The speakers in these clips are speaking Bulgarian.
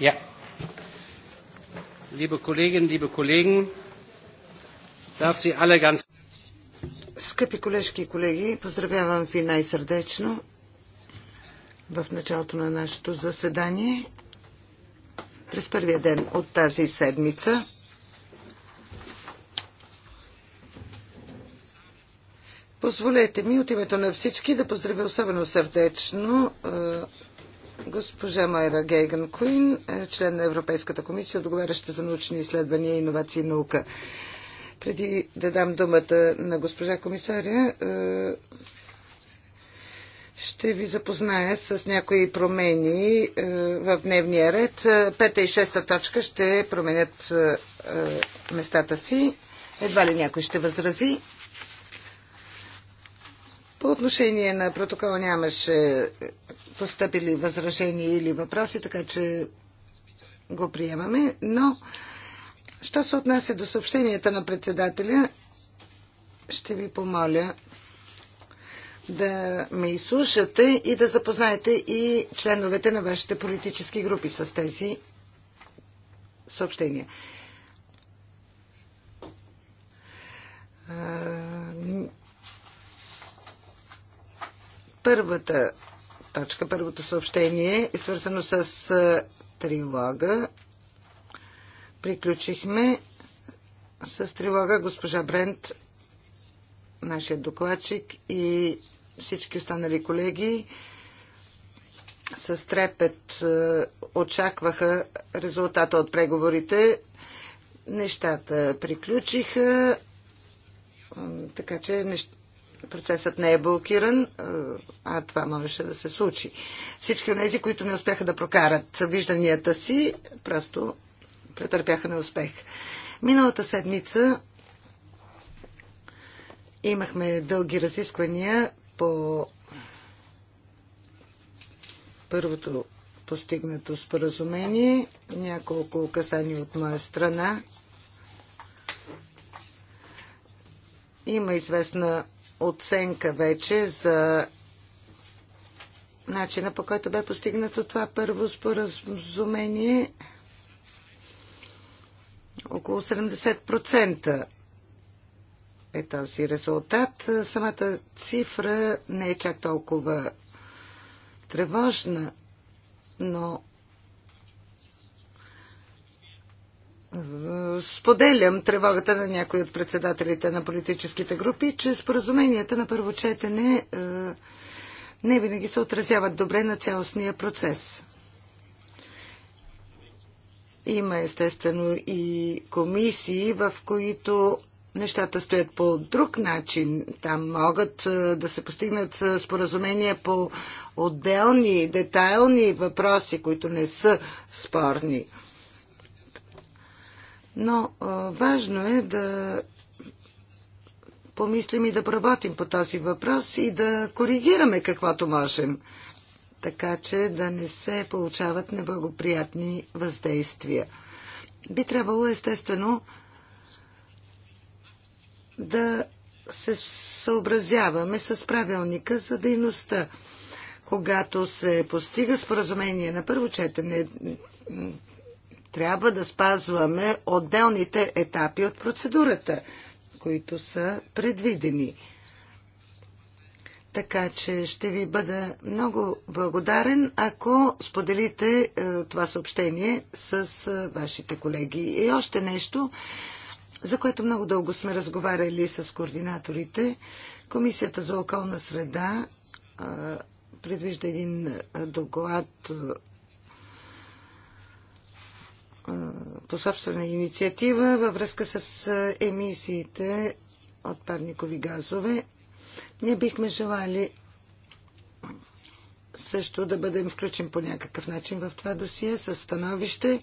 Ja. Liebe Kolleginnen, liebe Kollegen, darf Sie alle ganz Скъпи колежки и колеги, поздравявам ви най-сърдечно в началото на нашето заседание през първия ден от тази седмица. Позволете ми от името на всички да поздравя особено сърдечно е, Госпожа Майра Гейган Куин, е, член на Европейската комисия, отговаряща за научни изследвания, иновации и наука. Преди да дам думата на госпожа комисаря, е, ще ви запозная с някои промени е, в дневния ред. Пета и шеста точка ще променят местата си. Едва ли някой ще възрази. По отношение на протокола нямаше постъпили възражения или въпроси, така че го приемаме. Но, що се отнася до съобщенията на председателя, ще ви помоля да ме изслушате и да запознаете и членовете на вашите политически групи с тези съобщения. Първата точка. Първото съобщение е свързано с трилога. Приключихме с трилога госпожа Брент, нашия докладчик и всички останали колеги с трепет очакваха резултата от преговорите. Нещата приключиха, така че нещ процесът не е блокиран, а това можеше да се случи. Всички от тези, които не успяха да прокарат вижданията си, просто претърпяха неуспех. Миналата седмица имахме дълги разисквания по първото постигнато споразумение, няколко указания от моя страна. Има известна оценка вече за начина по който бе постигнато това първо споразумение. Около 70% е този резултат. Самата цифра не е чак толкова тревожна, но Споделям тревогата на някои от председателите на политическите групи, че споразуменията на първо четене е, не винаги се отразяват добре на цялостния процес. Има естествено и комисии, в които нещата стоят по друг начин. Там могат е, да се постигнат е, споразумения по отделни, детайлни въпроси, които не са спорни. Но важно е да помислим и да поработим по този въпрос и да коригираме каквото можем, така че да не се получават неблагоприятни въздействия. Би трябвало естествено да се съобразяваме с правилника за дейността. Когато се постига споразумение на първо четене, трябва да спазваме отделните етапи от процедурата, които са предвидени. Така че ще ви бъда много благодарен, ако споделите е, това съобщение с е, вашите колеги. И още нещо, за което много дълго сме разговаряли с координаторите. Комисията за околна среда е, предвижда един е, доклад е, по собствена инициатива във връзка с емисиите от парникови газове. Ние бихме желали също да бъдем включен по някакъв начин в това досие с становище.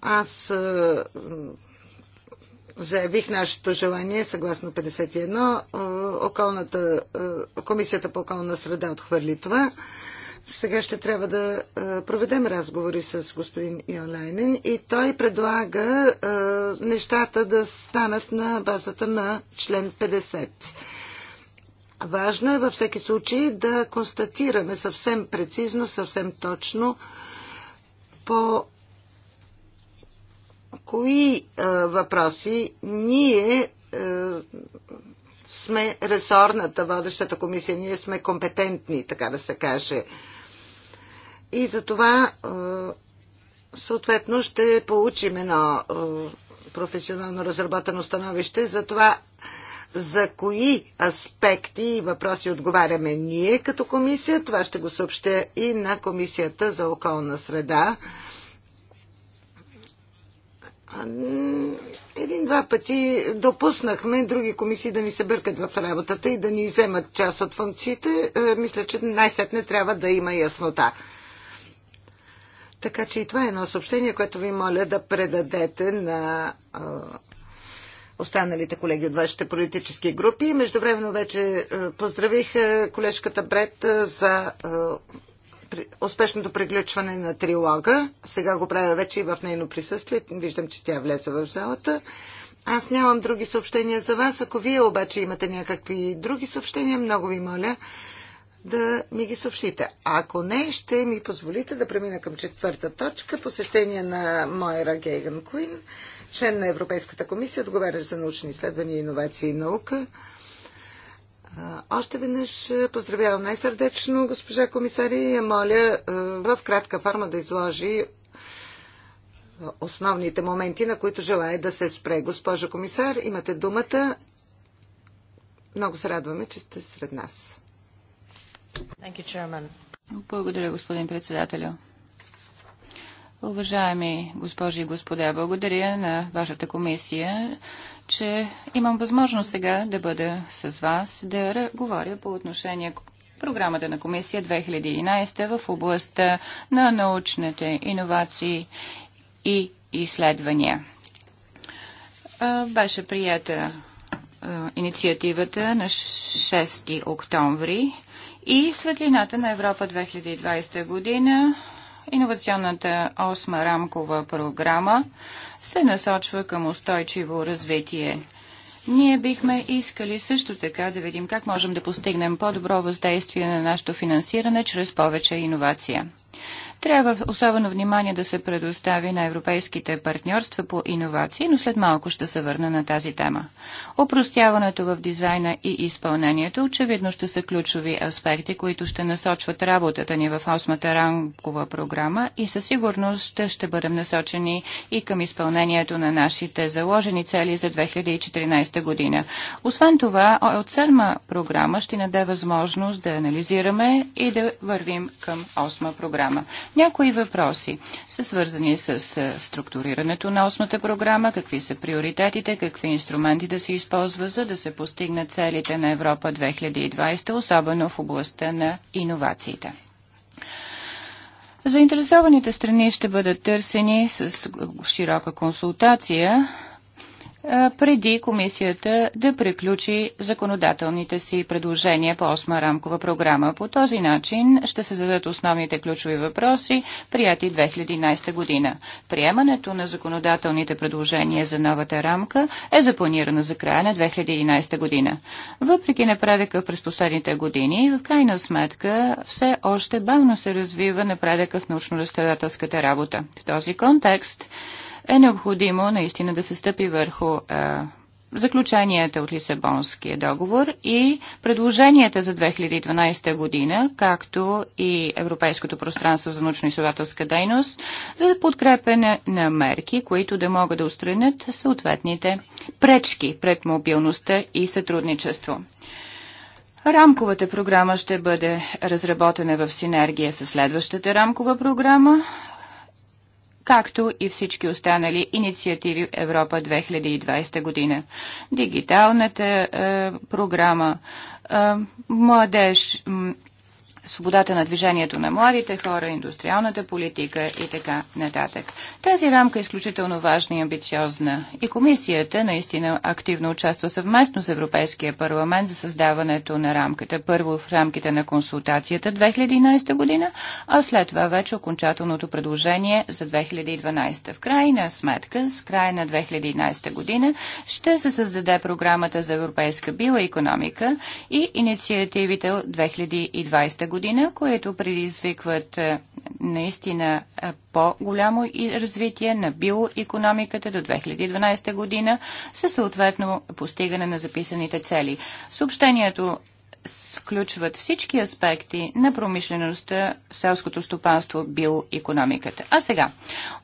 Аз заявих нашето желание съгласно 51. Околната, комисията по околна среда отхвърли това. Сега ще трябва да проведем разговори с господин Йолайнен и той предлага нещата да станат на базата на член 50. Важно е във всеки случай да констатираме съвсем прецизно, съвсем точно по кои е, въпроси ние е, сме ресорната водещата комисия, ние сме компетентни, така да се каже. И за това е, съответно ще получим едно е, професионално разработено становище за това за кои аспекти и въпроси отговаряме ние като комисия. Това ще го съобщя и на Комисията за околна среда. Един-два пъти допуснахме други комисии да ни се бъркат в работата и да ни вземат част от функциите. Е, мисля, че най-сетне трябва да има яснота така че и това е едно съобщение, което ви моля да предадете на останалите колеги от вашите политически групи. Междувременно вече поздравих колежката Бред за успешното приключване на трилога. Сега го правя вече и в нейно присъствие. Виждам, че тя влезе в залата. Аз нямам други съобщения за вас. Ако вие обаче имате някакви други съобщения, много ви моля да ми ги съобщите. Ако не, ще ми позволите да премина към четвърта точка. Посещение на Мойра Гейган Куин, член на Европейската комисия, отговарящ за научни изследвания, иновации и наука. Още веднъж поздравявам най-сърдечно госпожа комисари и я моля в кратка форма да изложи основните моменти, на които желая да се спре. Госпожа комисар, имате думата. Много се радваме, че сте сред нас. You, Благодаря, господин председателю. Уважаеми госпожи и господа, благодаря на вашата комисия, че имам възможност сега да бъда с вас, да говоря по отношение програмата на комисия 2011 в областта на научните иновации и изследвания. Беше прията инициативата на 6 октомври и светлината на Европа 2020 година, иновационната осма рамкова програма се насочва към устойчиво развитие. Ние бихме искали също така да видим как можем да постигнем по-добро въздействие на нашето финансиране чрез повече иновация. Трябва особено внимание да се предостави на европейските партньорства по иновации, но след малко ще се върна на тази тема. Опростяването в дизайна и изпълнението очевидно ще са ключови аспекти, които ще насочват работата ни в осмата рамкова програма и със сигурност ще, ще бъдем насочени и към изпълнението на нашите заложени цели за 2014 година. Освен това, от седма програма ще ни даде възможност да анализираме и да вървим към осма програма. Някои въпроси са свързани с е, структурирането на осмата програма, какви са приоритетите, какви инструменти да се използва, за да се постигнат целите на Европа 2020, особено в областта на иновациите. Заинтересованите страни ще бъдат търсени с широка консултация преди комисията да приключи законодателните си предложения по 8 рамкова програма. По този начин ще се зададат основните ключови въпроси, прияти 2011 година. Приемането на законодателните предложения за новата рамка е запланирано за края на 2011 година. Въпреки напредъка през последните години, в крайна сметка все още бавно се развива напредъка в научно-разследователската работа. В този контекст е необходимо наистина да се стъпи върху е, заключенията от Лисабонския договор и предложенията за 2012 година, както и Европейското пространство за научно-изследователска дейност, за е подкрепене на мерки, които да могат да устранят съответните пречки пред мобилността и сътрудничество. Рамковата програма ще бъде разработена в синергия с следващата рамкова програма както и всички останали инициативи Европа 2020 година. Дигиталната е, програма, е, младеж, свободата на движението на младите хора, индустриалната политика и така нататък. Тази рамка е изключително важна и амбициозна и комисията наистина активно участва съвместно с Европейския парламент за създаването на рамката. Първо в рамките на консултацията 2011 година, а след това вече окончателното предложение за 2012. В крайна сметка, с края на 2011 година, ще се създаде програмата за европейска биоекономика и инициативите 2020 година година, които предизвикват е, наистина е, по-голямо развитие на биоекономиката до 2012 година със съответно постигане на записаните цели. Съобщението включват всички аспекти на промишлеността, селското стопанство, биоекономиката. А сега,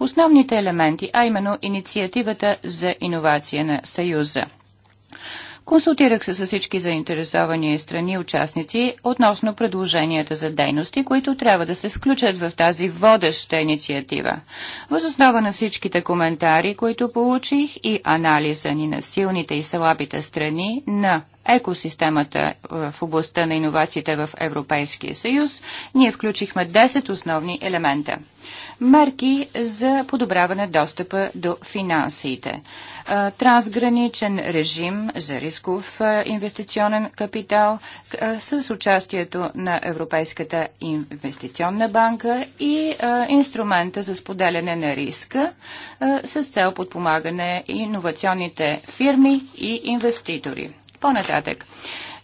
основните елементи, а именно инициативата за иновация на Съюза – Консултирах се с всички заинтересовани страни участници относно предложенията за дейности, които трябва да се включат в тази водеща инициатива. Въз основа на всичките коментари, които получих и анализа ни на силните и слабите страни на екосистемата е, в областта на иновациите в Европейския съюз, ние включихме 10 основни елемента. Мерки за подобряване достъпа до финансите. Е, трансграничен режим за рисков е, инвестиционен капитал с участието на Европейската инвестиционна банка и инструмента за споделяне на риска с цел подпомагане иновационните фирми и инвеститори. По-нататък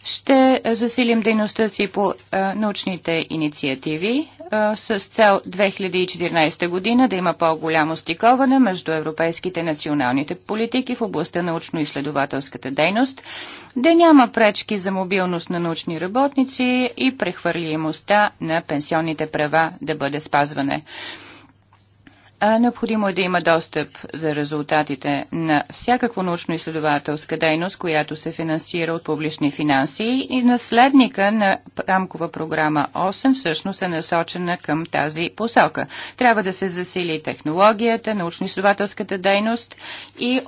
ще засилим дейността си по а, е, научните инициативи а, е, с цел 2014 година да има по-голямо стиковане между европейските националните политики в областта научно-изследователската дейност, да няма пречки за мобилност на научни работници и прехвърлимостта на пенсионните права да бъде спазване а необходимо е да има достъп за резултатите на всякакво научно-изследователска дейност, която се финансира от публични финанси и наследника на рамкова програма 8 всъщност е насочена към тази посока. Трябва да се засили технологията, научно-изследователската дейност и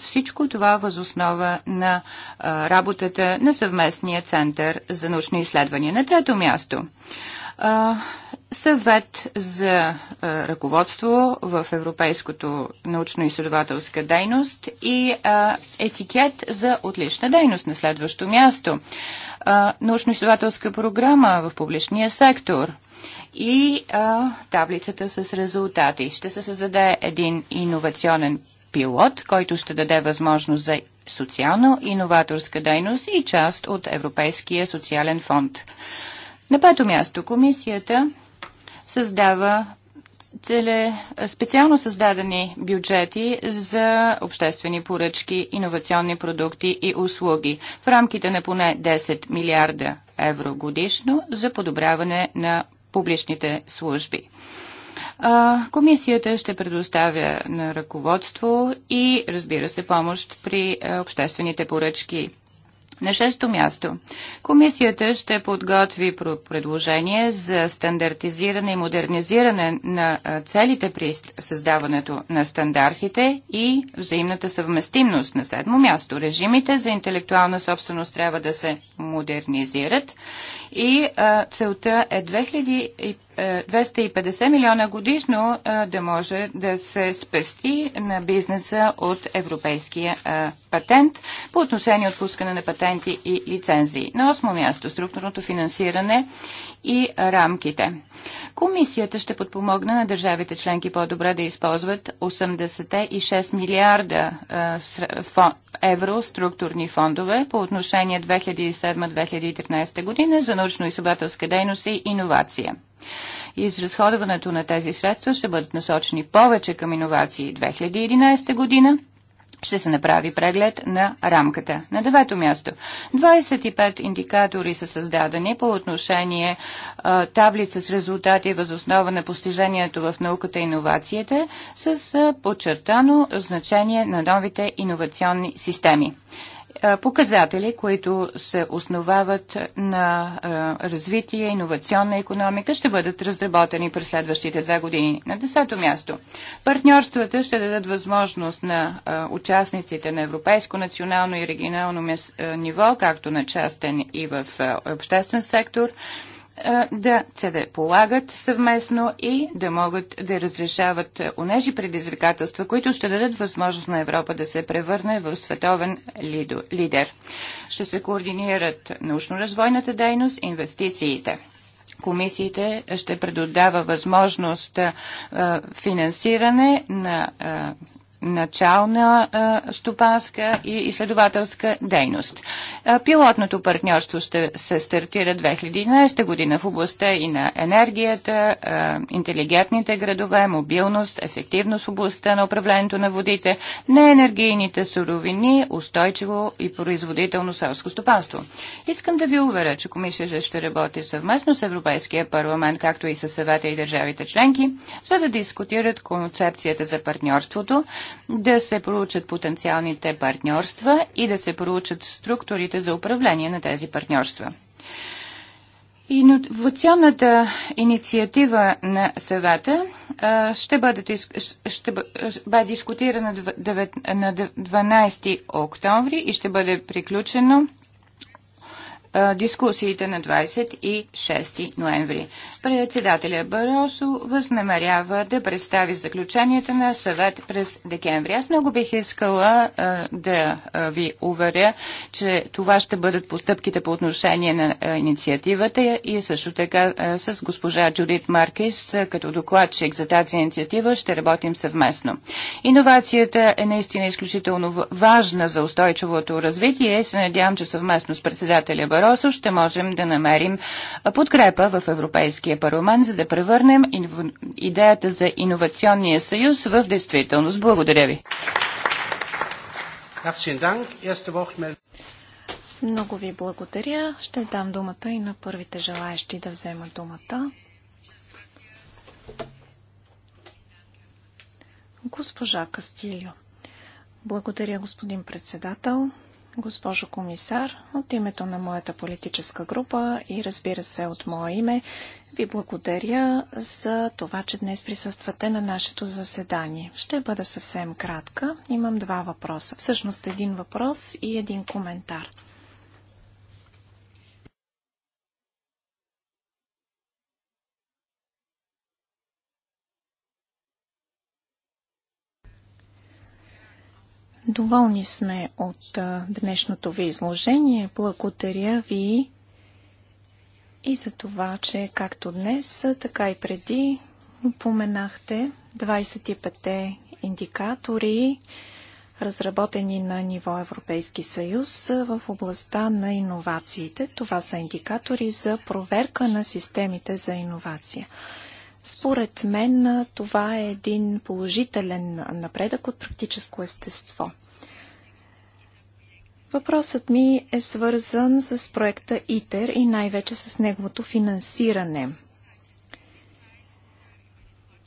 всичко това възоснова на работата на съвместния център за научни изследвания. На трето място – съвет за ръководство в Европейското научно-изследователска дейност и етикет за отлична дейност на следващо място. Научно-изследователска програма в публичния сектор и таблицата с резултати. Ще се създаде един иновационен пилот, който ще даде възможност за социално-иноваторска дейност и част от Европейския социален фонд. На пето място комисията създава цели, специално създадени бюджети за обществени поръчки, иновационни продукти и услуги в рамките на поне 10 милиарда евро годишно за подобряване на публичните служби. Комисията ще предоставя на ръководство и, разбира се, помощ при обществените поръчки на шесто място, комисията ще подготви предложение за стандартизиране и модернизиране на целите при създаването на стандартите и взаимната съвместимост. На седмо място, режимите за интелектуална собственост трябва да се модернизират и целта е 2005. 250 милиона годишно да може да се спести на бизнеса от европейския патент по отношение отпускане на патенти и лицензии. На осмо място структурното финансиране и рамките. Комисията ще подпомогне на държавите членки по-добре да използват 86 милиарда евро структурни фондове по отношение 2007-2013 година за научно-изследователска дейност и иновация. И изразходването на тези средства ще бъдат насочени повече към иновации 2011 година ще се направи преглед на рамката. На девето място. 25 индикатори са създадени по отношение а, таблица с резултати възоснова на постижението в науката и иновациите с а, подчертано значение на новите иновационни системи показатели, които се основават на развитие, иновационна економика, ще бъдат разработени през следващите две години. На десето място. Партньорствата ще дадат възможност на участниците на европейско, национално и регионално ниво, както на частен и в обществен сектор, да се да полагат съвместно и да могат да разрешават онежи предизвикателства, които ще дадат възможност на Европа да се превърне в световен лидер. Ще се координират научно-развойната дейност, инвестициите комисиите ще предодава възможност а, финансиране на а, начална стопанска и изследователска дейност. Пилотното партньорство ще се стартира 2011 година в областта и на енергията, интелигентните градове, мобилност, ефективност в областта на управлението на водите, на енергийните суровини, устойчиво и производително селско стопанство. Искам да ви уверя, че комисията ще работи съвместно с Европейския парламент, както и с съвета и държавите членки, за да дискутират концепцията за партньорството, да се проучат потенциалните партньорства и да се проучат структурите за управление на тези партньорства. Инновационната инициатива на съвета ще бъде, ще бъде дискутирана на 12 октомври и ще бъде приключено дискусиите на 26 ноември. Председателя Баросо възнамерява да представи заключенията на съвет през декември. Аз много бих искала а, да ви уверя, че това ще бъдат постъпките по отношение на а, инициативата и също така а, с госпожа Джудит Маркис като докладчик за тази инициатива ще работим съвместно. Иновацията е наистина изключително важна за устойчивото развитие и се надявам, че съвместно с председателя Баросо Баросо ще можем да намерим подкрепа в Европейския парламент, за да превърнем идеята за иновационния съюз в действителност. Благодаря ви. Много ви благодаря. Ще дам думата и на първите желаящи да вземат думата. Госпожа Кастилио. Благодаря, господин председател госпожо комисар. От името на моята политическа група и разбира се от мое име, ви благодаря за това, че днес присъствате на нашето заседание. Ще бъда съвсем кратка. Имам два въпроса. Всъщност един въпрос и един коментар. Доволни сме от днешното ви изложение. Благодаря ви и за това, че както днес, така и преди упоменахте 25-те индикатори, разработени на ниво Европейски съюз в областта на иновациите. Това са индикатори за проверка на системите за иновация. Според мен това е един положителен напредък от практическо естество. Въпросът ми е свързан с проекта ИТЕР и най-вече с неговото финансиране.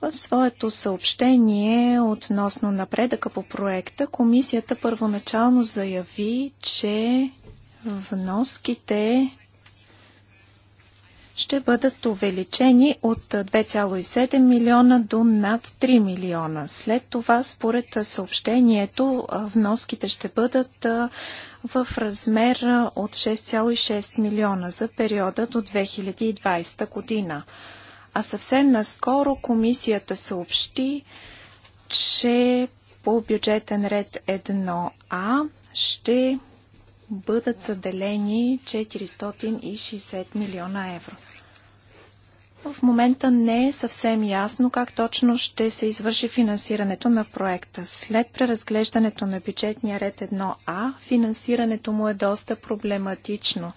В своето съобщение относно напредъка по проекта, комисията първоначално заяви, че вноските ще бъдат увеличени от 2,7 милиона до над 3 милиона. След това, според съобщението, вноските ще бъдат в размер от 6,6 милиона за периода до 2020 година. А съвсем наскоро комисията съобщи, че по бюджетен ред 1А ще бъдат заделени 460 милиона евро. В момента не е съвсем ясно как точно ще се извърши финансирането на проекта. След преразглеждането на бюджетния ред 1А, финансирането му е доста проблематично,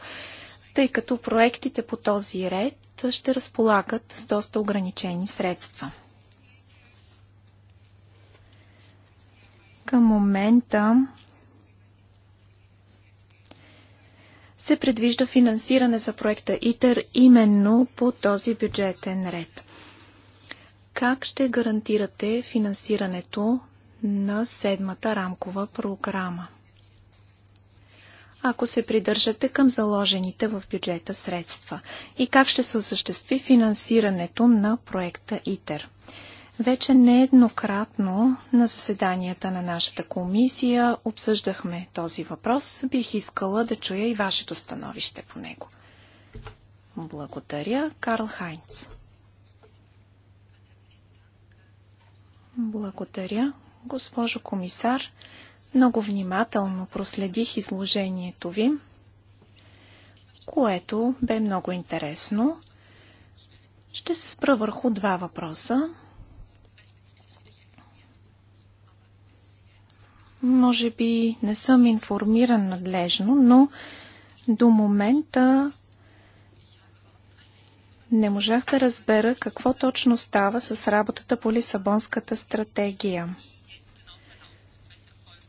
тъй като проектите по този ред ще разполагат с доста ограничени средства. Към момента се предвижда финансиране за проекта ИТЕР именно по този бюджетен ред. Как ще гарантирате финансирането на седмата рамкова програма? ако се придържате към заложените в бюджета средства и как ще се осъществи финансирането на проекта ИТЕР. Вече нееднократно на заседанията на нашата комисия обсъждахме този въпрос. Бих искала да чуя и вашето становище по него. Благодаря, Карл Хайнц. Благодаря, госпожо комисар. Много внимателно проследих изложението ви, което бе много интересно. Ще се спра върху два въпроса. Може би не съм информиран надлежно, но до момента не можах да разбера какво точно става с работата по Лисабонската стратегия.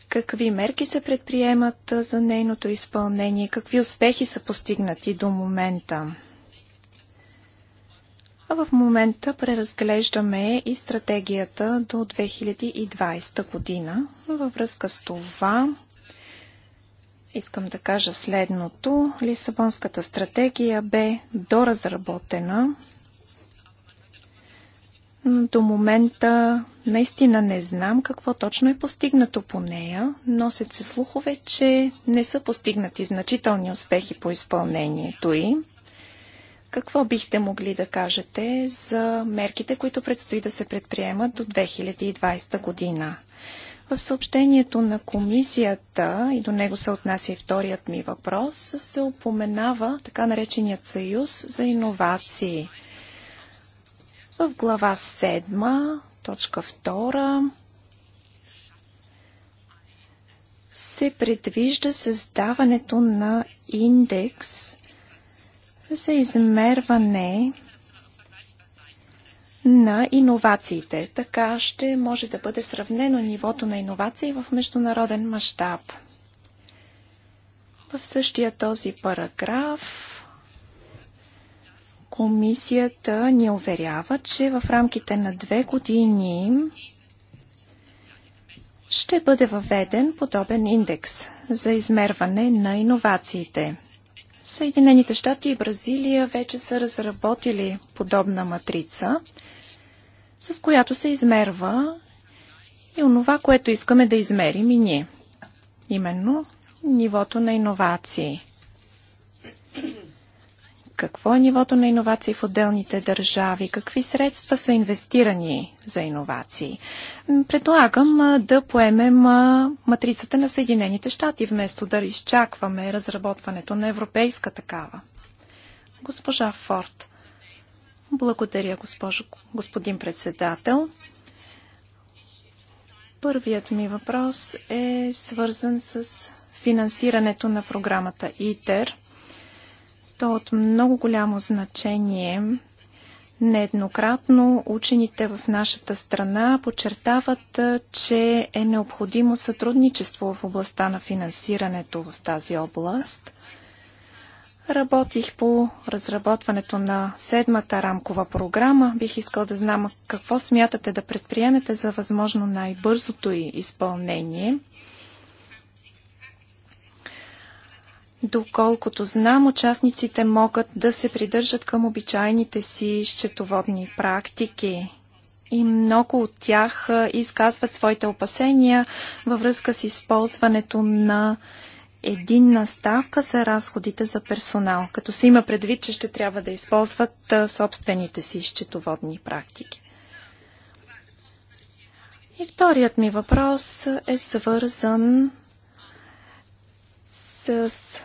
Какви мерки се предприемат за нейното изпълнение? Какви успехи са постигнати до момента? А в момента преразглеждаме и стратегията до 2020 година. Във връзка с това искам да кажа следното. Лисабонската стратегия бе доразработена. До момента наистина не знам какво точно е постигнато по нея. Носят се слухове, че не са постигнати значителни успехи по изпълнението й. Какво бихте могли да кажете за мерките, които предстои да се предприемат до 2020 година? В съобщението на комисията, и до него се отнася и вторият ми въпрос, се упоменава така нареченият съюз за иновации. В глава 7, точка 2, се предвижда създаването на индекс за измерване на иновациите. Така ще може да бъде сравнено нивото на иновации в международен мащаб. В същия този параграф комисията ни уверява, че в рамките на две години ще бъде въведен подобен индекс за измерване на иновациите. Съединените щати и Бразилия вече са разработили подобна матрица, с която се измерва и онова, което искаме да измерим и ние. Именно нивото на иновации. Какво е нивото на иновации в отделните държави? Какви средства са инвестирани за иновации? Предлагам да поемем матрицата на Съединените щати, вместо да изчакваме разработването на европейска такава. Госпожа Форд. Благодаря, госпожо, господин председател. Първият ми въпрос е свързан с финансирането на програмата ИТЕР е от много голямо значение. Нееднократно учените в нашата страна подчертават, че е необходимо сътрудничество в областта на финансирането в тази област. Работих по разработването на седмата рамкова програма. Бих искал да знам какво смятате да предприемете за възможно най-бързото й изпълнение – Доколкото знам, участниците могат да се придържат към обичайните си счетоводни практики и много от тях изказват своите опасения във връзка с използването на единна ставка за разходите за персонал, като се има предвид, че ще трябва да използват собствените си счетоводни практики. И вторият ми въпрос е свързан с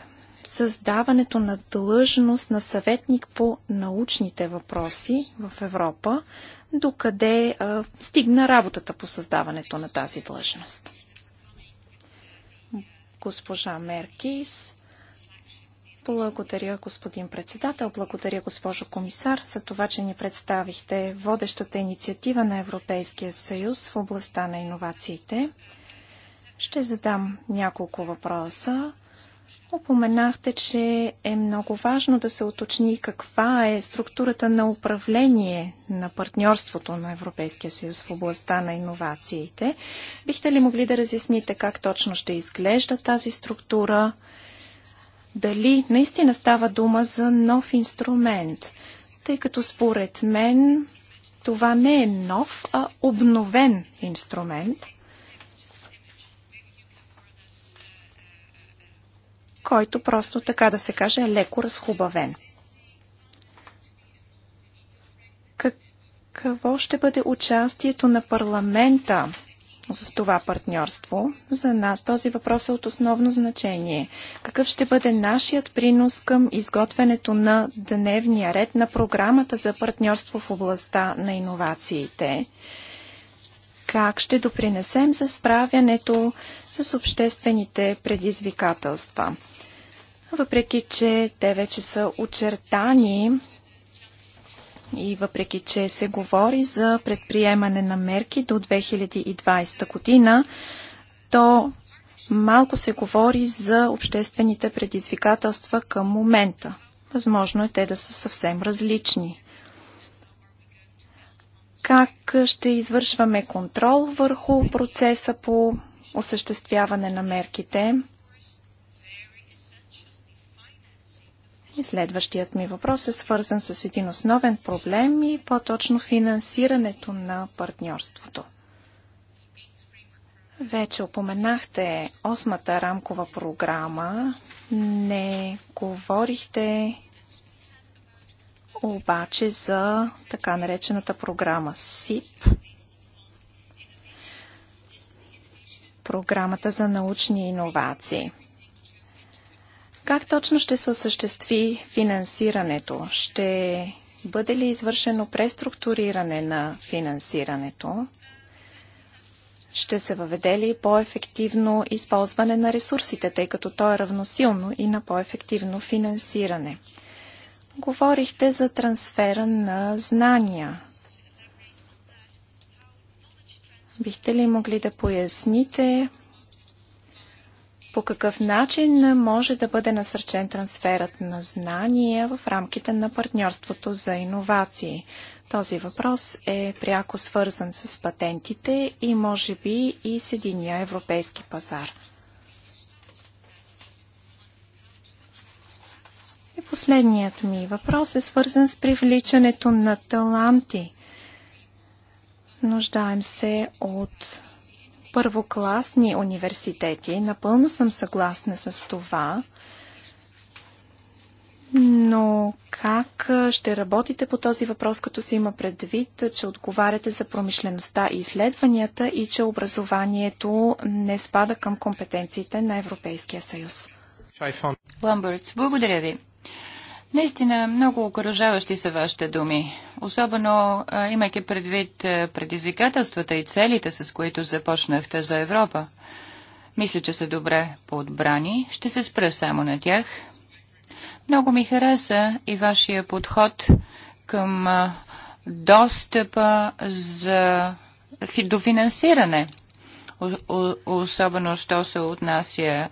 създаването на длъжност на съветник по научните въпроси в Европа, докъде а, стигна работата по създаването на тази длъжност. Госпожа Меркис. Благодаря, господин председател. Благодаря, госпожо комисар, за това, че ни представихте водещата инициатива на Европейския съюз в областта на иновациите. Ще задам няколко въпроса. Опоменахте, че е много важно да се уточни каква е структурата на управление на партньорството на Европейския съюз в областта на иновациите. Бихте ли могли да разясните как точно ще изглежда тази структура? Дали наистина става дума за нов инструмент? Тъй като според мен това не е нов, а обновен инструмент – който просто така да се каже е леко разхубавен. Какво ще бъде участието на парламента в това партньорство? За нас този въпрос е от основно значение. Какъв ще бъде нашият принос към изготвянето на дневния ред на програмата за партньорство в областта на иновациите? Как ще допринесем за справянето с обществените предизвикателства? въпреки че те вече са очертани и въпреки че се говори за предприемане на мерки до 2020 година, то малко се говори за обществените предизвикателства към момента. Възможно е те да са съвсем различни. Как ще извършваме контрол върху процеса по осъществяване на мерките? И следващият ми въпрос е свързан с един основен проблем и по-точно финансирането на партньорството. Вече упоменахте осмата рамкова програма. Не говорихте обаче за така наречената програма СИП. Програмата за научни иновации. Как точно ще се осъществи финансирането? Ще бъде ли извършено преструктуриране на финансирането? Ще се въведе ли по-ефективно използване на ресурсите, тъй като то е равносилно и на по-ефективно финансиране? Говорихте за трансфера на знания. Бихте ли могли да поясните по какъв начин може да бъде насърчен трансферът на знания в рамките на партньорството за иновации. Този въпрос е пряко свързан с патентите и може би и с единия европейски пазар. И последният ми въпрос е свързан с привличането на таланти. Нуждаем се от първокласни университети. Напълно съм съгласна с това. Но как ще работите по този въпрос, като се има предвид, че отговаряте за промишлеността и изследванията и че образованието не спада към компетенциите на Европейския съюз? Ламбъртс, благодаря ви. Наистина много окоръжаващи са вашите думи, особено имайки предвид предизвикателствата и целите, с които започнахте за Европа. Мисля, че са добре подбрани. Ще се спра само на тях. Много ми хареса и вашия подход към достъпа за, дофинансиране особено що се отнася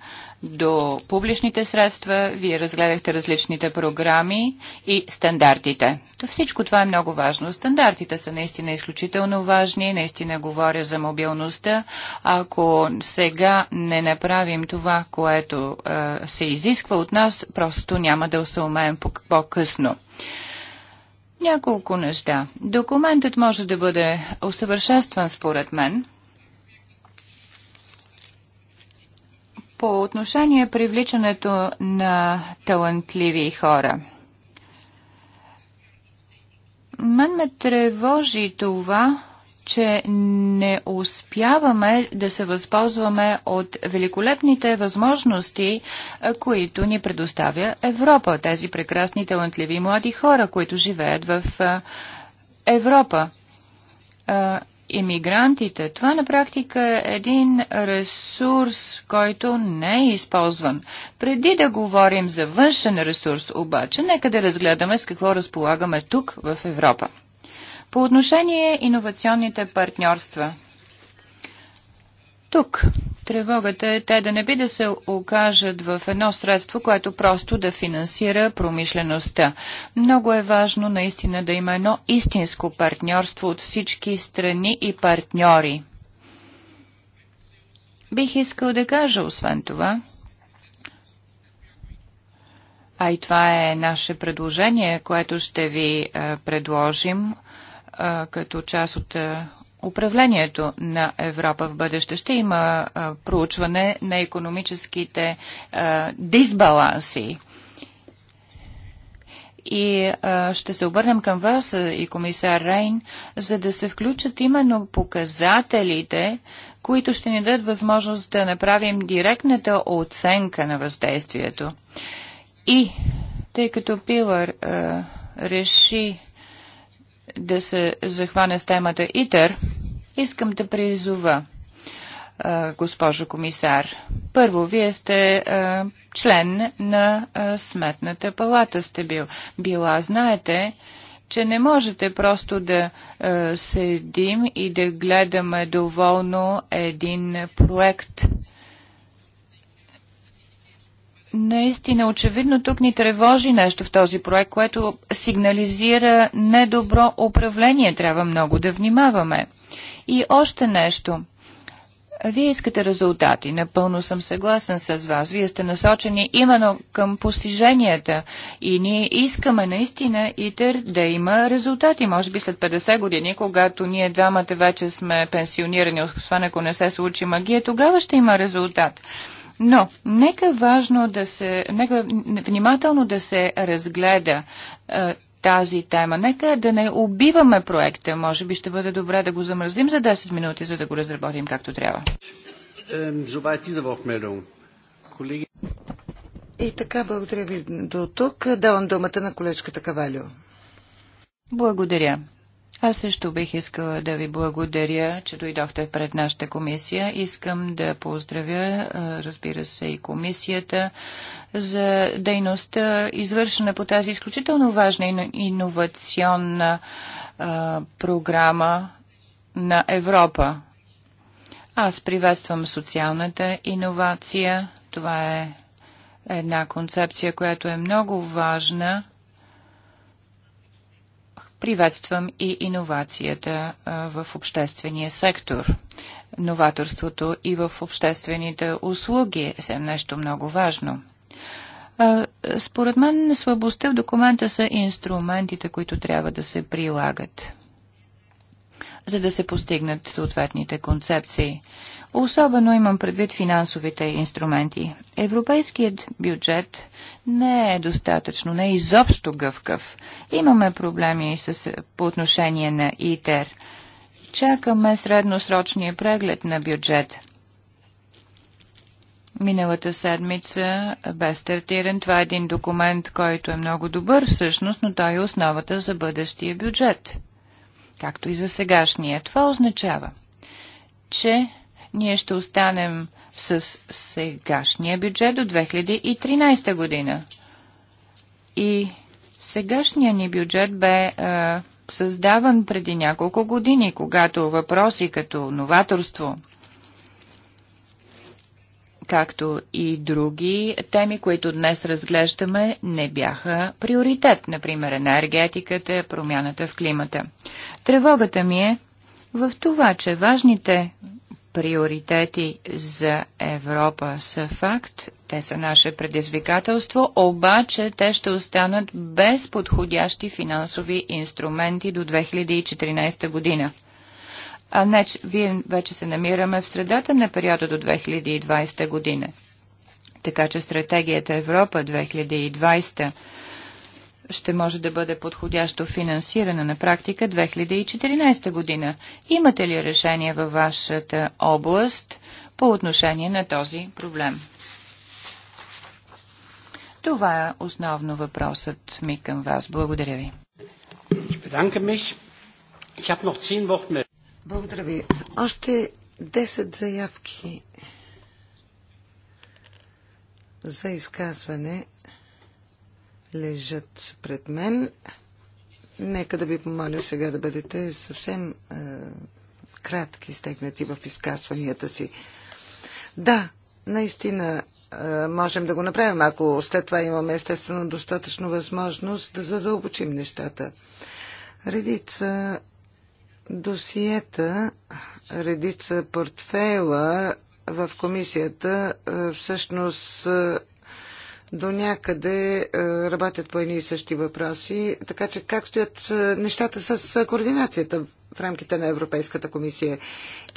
до публичните средства, вие разгледахте различните програми и стандартите. То всичко това е много важно. Стандартите са наистина изключително важни, наистина говоря за мобилността. Ако сега не направим това, което е, се изисква от нас, просто няма да се умеем по-късно. няколко неща. Документът може да бъде усъвършенстван според мен – по отношение привличането на талантливи хора. Мен ме тревожи това, че не успяваме да се възползваме от великолепните възможности, които ни предоставя Европа. Тези прекрасни, талантливи млади хора, които живеят в Европа иммигрантите. Това на практика е един ресурс, който не е използван. Преди да говорим за външен ресурс, обаче, нека да разгледаме с какво разполагаме тук в Европа. По отношение иновационните партньорства – тук тревогата е те да не би да се окажат в едно средство, което просто да финансира промишлеността. Много е важно наистина да има едно истинско партньорство от всички страни и партньори. Бих искал да кажа, освен това, а и това е наше предложение, което ще ви предложим като част от управлението на Европа в бъдеще. Ще има а, проучване на економическите а, дисбаланси. И а, ще се обърнем към вас и комисар Рейн, за да се включат именно показателите, които ще ни дадат възможност да направим директната оценка на въздействието. И тъй като Пилър а, реши да се захване с темата ИТЕР, искам да призова госпожо комисар. Първо, вие сте член на Сметната палата сте бил. Била, знаете, че не можете просто да седим и да гледаме доволно един проект – Наистина, очевидно тук ни тревожи нещо в този проект, което сигнализира недобро управление. Трябва много да внимаваме. И още нещо. Вие искате резултати. Напълно съм съгласен с вас. Вие сте насочени именно към постиженията. И ние искаме наистина ИТЕР да има резултати. Може би след 50 години, когато ние двамата вече сме пенсионирани, освен ако не се случи магия, тогава ще има резултат. Но нека важно да се, нека внимателно да се разгледа а, тази тема. Нека да не убиваме проекта. Може би ще бъде добре да го замразим за 10 минути, за да го разработим както трябва. И така, благодаря ви до тук. Давам думата на колежката Кавалио. Благодаря. Аз също бих искала да ви благодаря, че дойдохте пред нашата комисия. Искам да поздравя, разбира се, и комисията за дейността, извършена по тази изключително важна иновационна програма на Европа. Аз приветствам социалната иновация. Това е една концепция, която е много важна – Приветствам и иновацията в обществения сектор. Новаторството и в обществените услуги е нещо много важно. Според мен слабостта в документа са инструментите, които трябва да се прилагат, за да се постигнат съответните концепции. Особено имам предвид финансовите инструменти. Европейският бюджет не е достатъчно, не е изобщо гъвкав. Имаме проблеми с, по отношение на ИТЕР. Чакаме средносрочния преглед на бюджет. Миналата седмица бе стартиран. Това е един документ, който е много добър всъщност, но той е основата за бъдещия бюджет, както и за сегашния. Това означава, че ние ще останем с сегашния бюджет до 2013 година. И сегашния ни бюджет бе а, е, създаван преди няколко години, когато въпроси като новаторство, както и други теми, които днес разглеждаме, не бяха приоритет, например енергетиката, промяната в климата. Тревогата ми е в това, че важните приоритети за Европа са факт, те са наше предизвикателство, обаче те ще останат без подходящи финансови инструменти до 2014 година. А не, вие вече се намираме в средата на периода до 2020 година. Така че стратегията Европа 2020 ще може да бъде подходящо финансирана на практика 2014 година. Имате ли решение във вашата област по отношение на този проблем? Това е основно въпросът ми към вас. Благодаря ви. Благодаря ви. Още 10 заявки за изказване лежат пред мен. Нека да ви помоля сега да бъдете съвсем е, кратки, стегнати в изказванията си. Да, наистина е, можем да го направим, ако след това имаме естествено достатъчно възможност да задълбочим нещата. Редица досиета, редица портфела в комисията е, всъщност е, до някъде е, работят по едни и същи въпроси, така че как стоят е, нещата с координацията в рамките на Европейската комисия.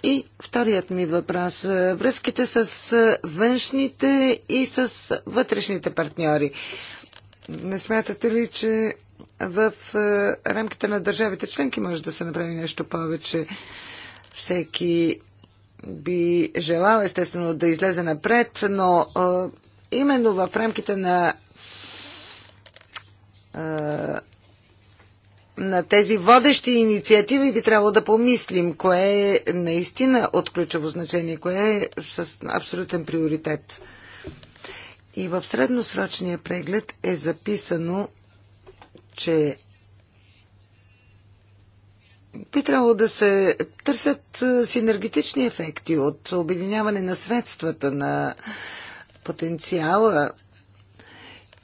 И вторият ми въпрос е, връзките с външните и с вътрешните партньори. Не смятате ли, че в рамките на държавите членки може да се направи нещо повече? Всеки би желал естествено да излезе напред, но именно в рамките на на тези водещи инициативи би трябвало да помислим кое е наистина от ключово значение, кое е с абсолютен приоритет. И в средносрочния преглед е записано, че би трябвало да се търсят синергетични ефекти от обединяване на средствата на потенциала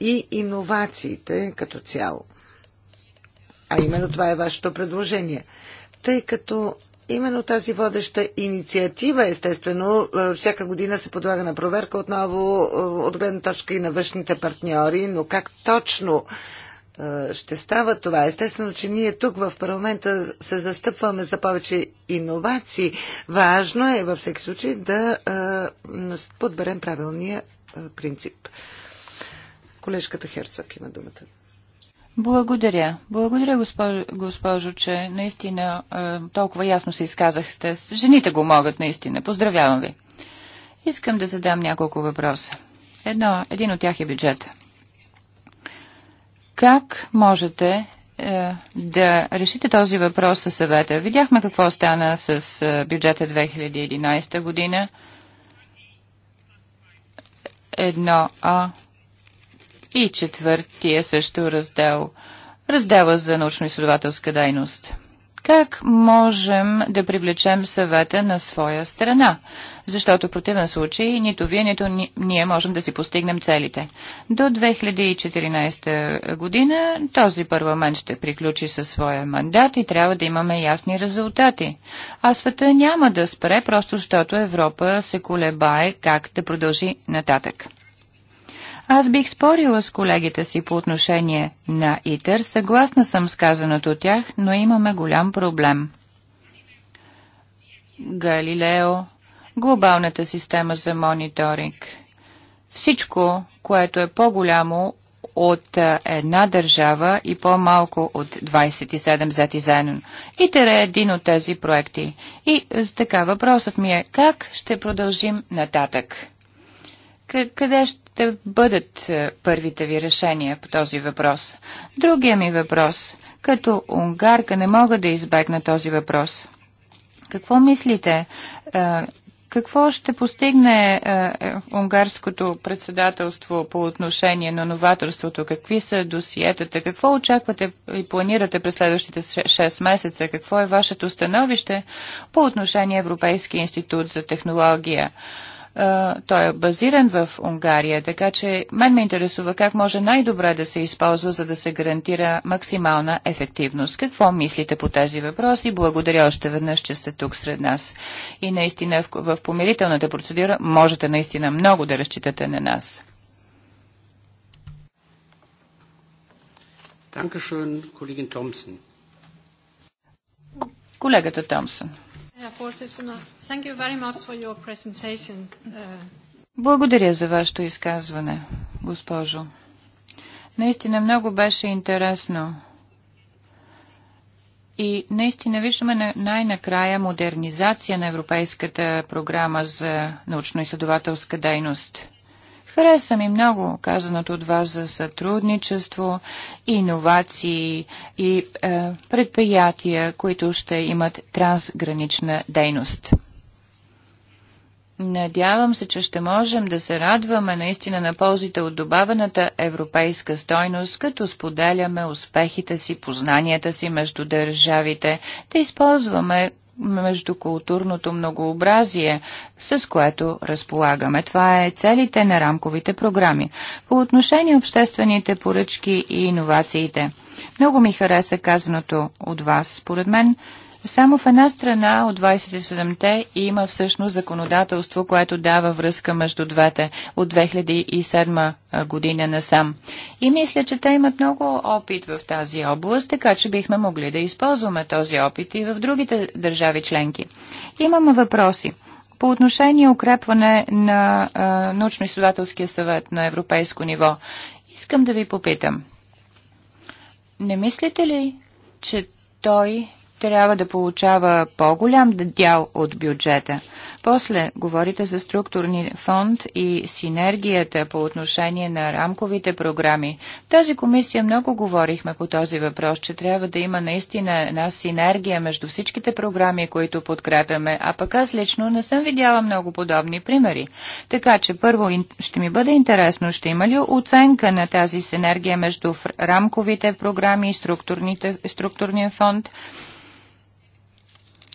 и иновациите като цяло. А именно това е вашето предложение. Тъй като именно тази водеща инициатива, естествено, е, всяка година се подлага на проверка отново е, от гледна точка и на външните партньори, но как точно е, ще става това. Естествено, че ние тук в парламента се застъпваме за повече иновации. Важно е във всеки случай да подберем правилния принцип. Колежката Херцог има думата. Благодаря. Благодаря, госпожо, госпожо че наистина толкова ясно се изказахте. Жените го могат, наистина. Поздравявам ви. Искам да задам няколко въпроса. Едно, един от тях е бюджета. Как можете е, да решите този въпрос със съвета? Видяхме какво стана с е, бюджета 2011 година. 1А и четвъртия също раздел, раздела за научно-изследователска дейност. Как можем да привлечем съвета на своя страна? Защото в противен случай нито вие, нито ние можем да си постигнем целите. До 2014 година този парламент ще приключи със своя мандат и трябва да имаме ясни резултати. А света няма да спре, просто защото Европа се колебае как да продължи нататък. Аз бих спорила с колегите си по отношение на ИТЕР, съгласна съм с казаното от тях, но имаме голям проблем. Галилео, глобалната система за мониторинг. Всичко, което е по-голямо от една държава и по-малко от 27 взети заедно. ИТЕР е един от тези проекти. И с така въпросът ми е как ще продължим нататък. Къде ще бъдат е, първите ви решения по този въпрос? Другия ми въпрос. Като унгарка не мога да избегна този въпрос. Какво мислите? Е, какво ще постигне е, е, унгарското председателство по отношение на новаторството? Какви са досиетата? Какво очаквате и планирате през следващите 6 месеца? Какво е вашето становище по отношение Европейски институт за технология? Той е базиран в Унгария, така че мен ме интересува как може най-добре да се използва, за да се гарантира максимална ефективност. Какво мислите по тези въпроси? Благодаря още веднъж, че сте тук сред нас. И наистина в помирителната процедура можете наистина много да разчитате на нас. Колегата Томсън. Благодаря за вашето изказване, госпожо. Наистина много беше интересно. И наистина виждаме най-накрая модернизация на Европейската програма за научно-изследователска дейност. Хареса ми много казаното от вас за сътрудничество, иновации и е, предприятия, които ще имат трансгранична дейност. Надявам се, че ще можем да се радваме наистина на ползите от добавената европейска стойност, като споделяме успехите си, познанията си между държавите, да използваме междукултурното многообразие, с което разполагаме. Това е целите на рамковите програми. По отношение обществените поръчки и иновациите. Много ми хареса казаното от вас. Според мен, само в една страна от 27-те има всъщност законодателство, което дава връзка между двете от 2007 година насам. И мисля, че те имат много опит в тази област, така че бихме могли да използваме този опит и в другите държави членки. Имаме въпроси. По отношение укрепване на научно-изследователския съвет на европейско ниво, искам да ви попитам. Не мислите ли, че той трябва да получава по-голям дял от бюджета. После говорите за структурни фонд и синергията по отношение на рамковите програми. В тази комисия много говорихме по този въпрос, че трябва да има наистина една синергия между всичките програми, които подкрепяме, а пък аз лично не съм видяла много подобни примери. Така че първо ще ми бъде интересно, ще има ли оценка на тази синергия между рамковите програми и структурния фонд?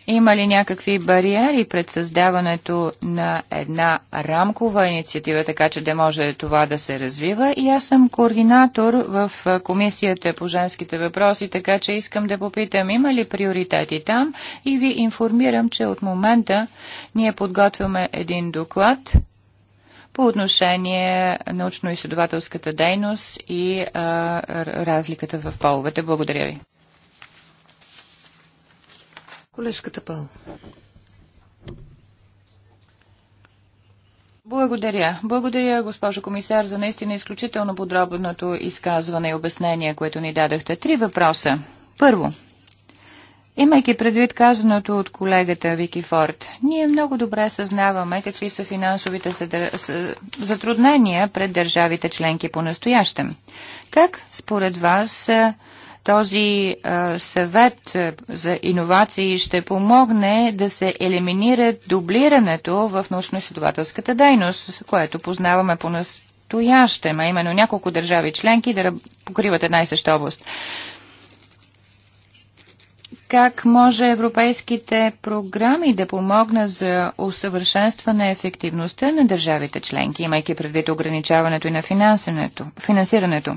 Има ли някакви бариери пред създаването на една рамкова инициатива, така че да може това да се развива? И аз съм координатор в Комисията по женските въпроси, така че искам да попитам има ли приоритети там и ви информирам, че от момента ние подготвяме един доклад по отношение научно-изследователската дейност и а, разликата в половете. Благодаря ви. Колежката Благодаря. Благодаря, госпожо комисар, за наистина изключително подробното изказване и обяснение, което ни дадахте. Три въпроса. Първо, Имайки предвид казаното от колегата Вики Форд, ние много добре съзнаваме какви са финансовите затруднения пред държавите членки по настоящем. Как според вас този съвет за иновации ще помогне да се елиминира дублирането в научно-изследователската дейност, което познаваме по настоящем, а именно няколко държави членки да покриват една и съща област как може европейските програми да помогнат за усъвършенстване ефективността на държавите членки, имайки предвид ограничаването и на финансирането?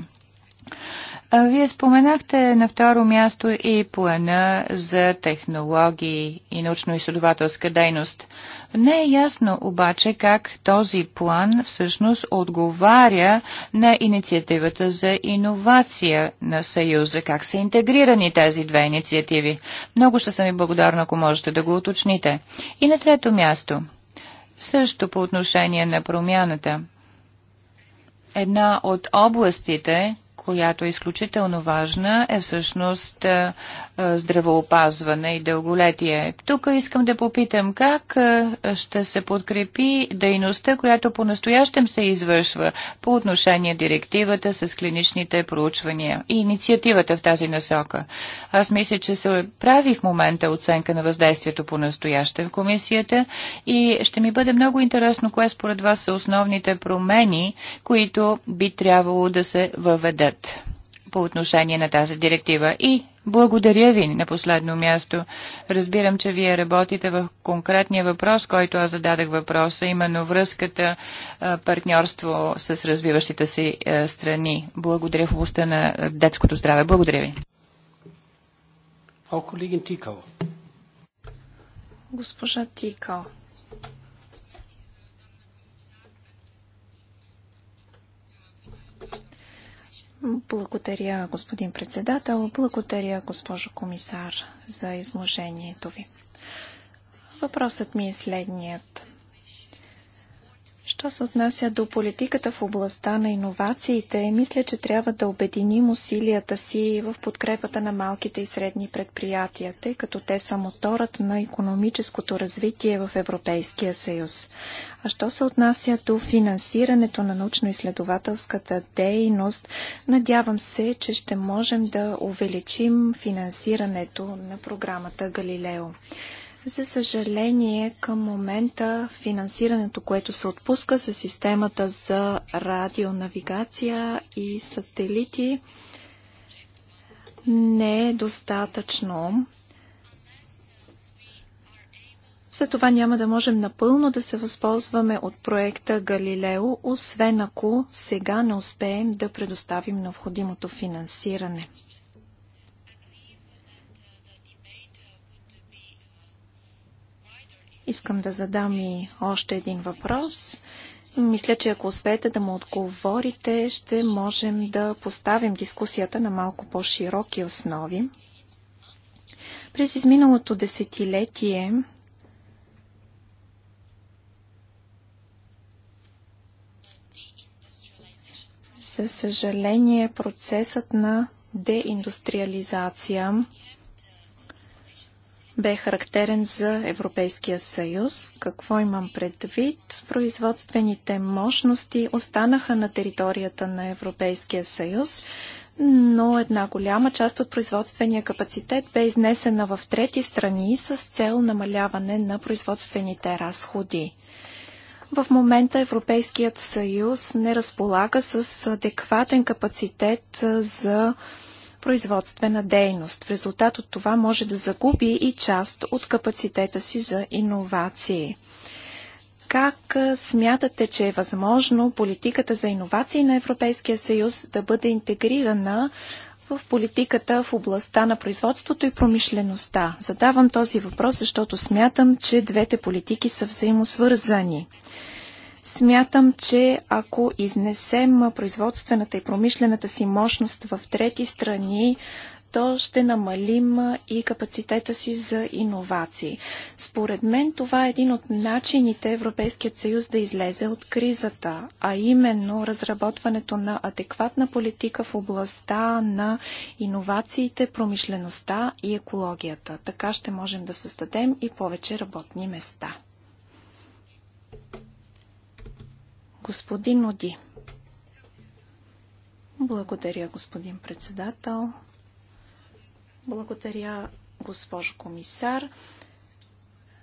Вие споменахте на второ място и плана за технологии и научно-изследователска дейност. Не е ясно обаче как този план всъщност отговаря на инициативата за иновация на Съюза. Как са интегрирани тези две инициативи? Много ще съм и благодарна, ако можете да го уточните. И на трето място, също по отношение на промяната. Една от областите, която е изключително важна, е всъщност е, здравоопазване и дълголетие. Тук искам да попитам как ще се подкрепи дейността, която по-настоящем се извършва по отношение директивата с клиничните проучвания и инициативата в тази насока. Аз мисля, че се прави в момента оценка на въздействието по-настоящем в комисията и ще ми бъде много интересно кое според вас са основните промени, които би трябвало да се въведат по отношение на тази директива. И благодаря ви на последно място. Разбирам, че вие работите в конкретния въпрос, който аз зададах въпроса, именно връзката партньорство с развиващите си страни. Благодаря в областта на детското здраве. Благодаря ви. Госпожа Тикал. Благодаря, господин председател. Благодаря, госпожо комисар, за изложението ви. Въпросът ми е следният. Що се отнася до политиката в областта на иновациите, мисля, че трябва да обединим усилията си в подкрепата на малките и средни предприятия, тъй като те са моторът на економическото развитие в Европейския съюз. А що се отнася до финансирането на научно-изследователската дейност, надявам се, че ще можем да увеличим финансирането на програмата Галилео. За съжаление, към момента финансирането, което се отпуска за системата за радионавигация и сателити, не е достатъчно. За това няма да можем напълно да се възползваме от проекта Галилео, освен ако сега не успеем да предоставим необходимото финансиране. Искам да задам и още един въпрос. Мисля, че ако успеете да му отговорите, ще можем да поставим дискусията на малко по-широки основи. През изминалото десетилетие за съжаление процесът на деиндустриализация бе характерен за Европейския съюз. Какво имам предвид? Производствените мощности останаха на територията на Европейския съюз, но една голяма част от производствения капацитет бе изнесена в трети страни с цел намаляване на производствените разходи. В момента Европейският съюз не разполага с адекватен капацитет за производствена дейност. В резултат от това може да загуби и част от капацитета си за иновации. Как смятате, че е възможно политиката за иновации на Европейския съюз да бъде интегрирана в политиката в областта на производството и промишлеността? Задавам този въпрос, защото смятам, че двете политики са взаимосвързани. Смятам, че ако изнесем производствената и промишлената си мощност в трети страни, то ще намалим и капацитета си за иновации. Според мен това е един от начините Европейският съюз да излезе от кризата, а именно разработването на адекватна политика в областта на иновациите, промишлеността и екологията. Така ще можем да създадем и повече работни места. Господин Оди. Благодаря, господин председател. Благодаря, госпожо комисар,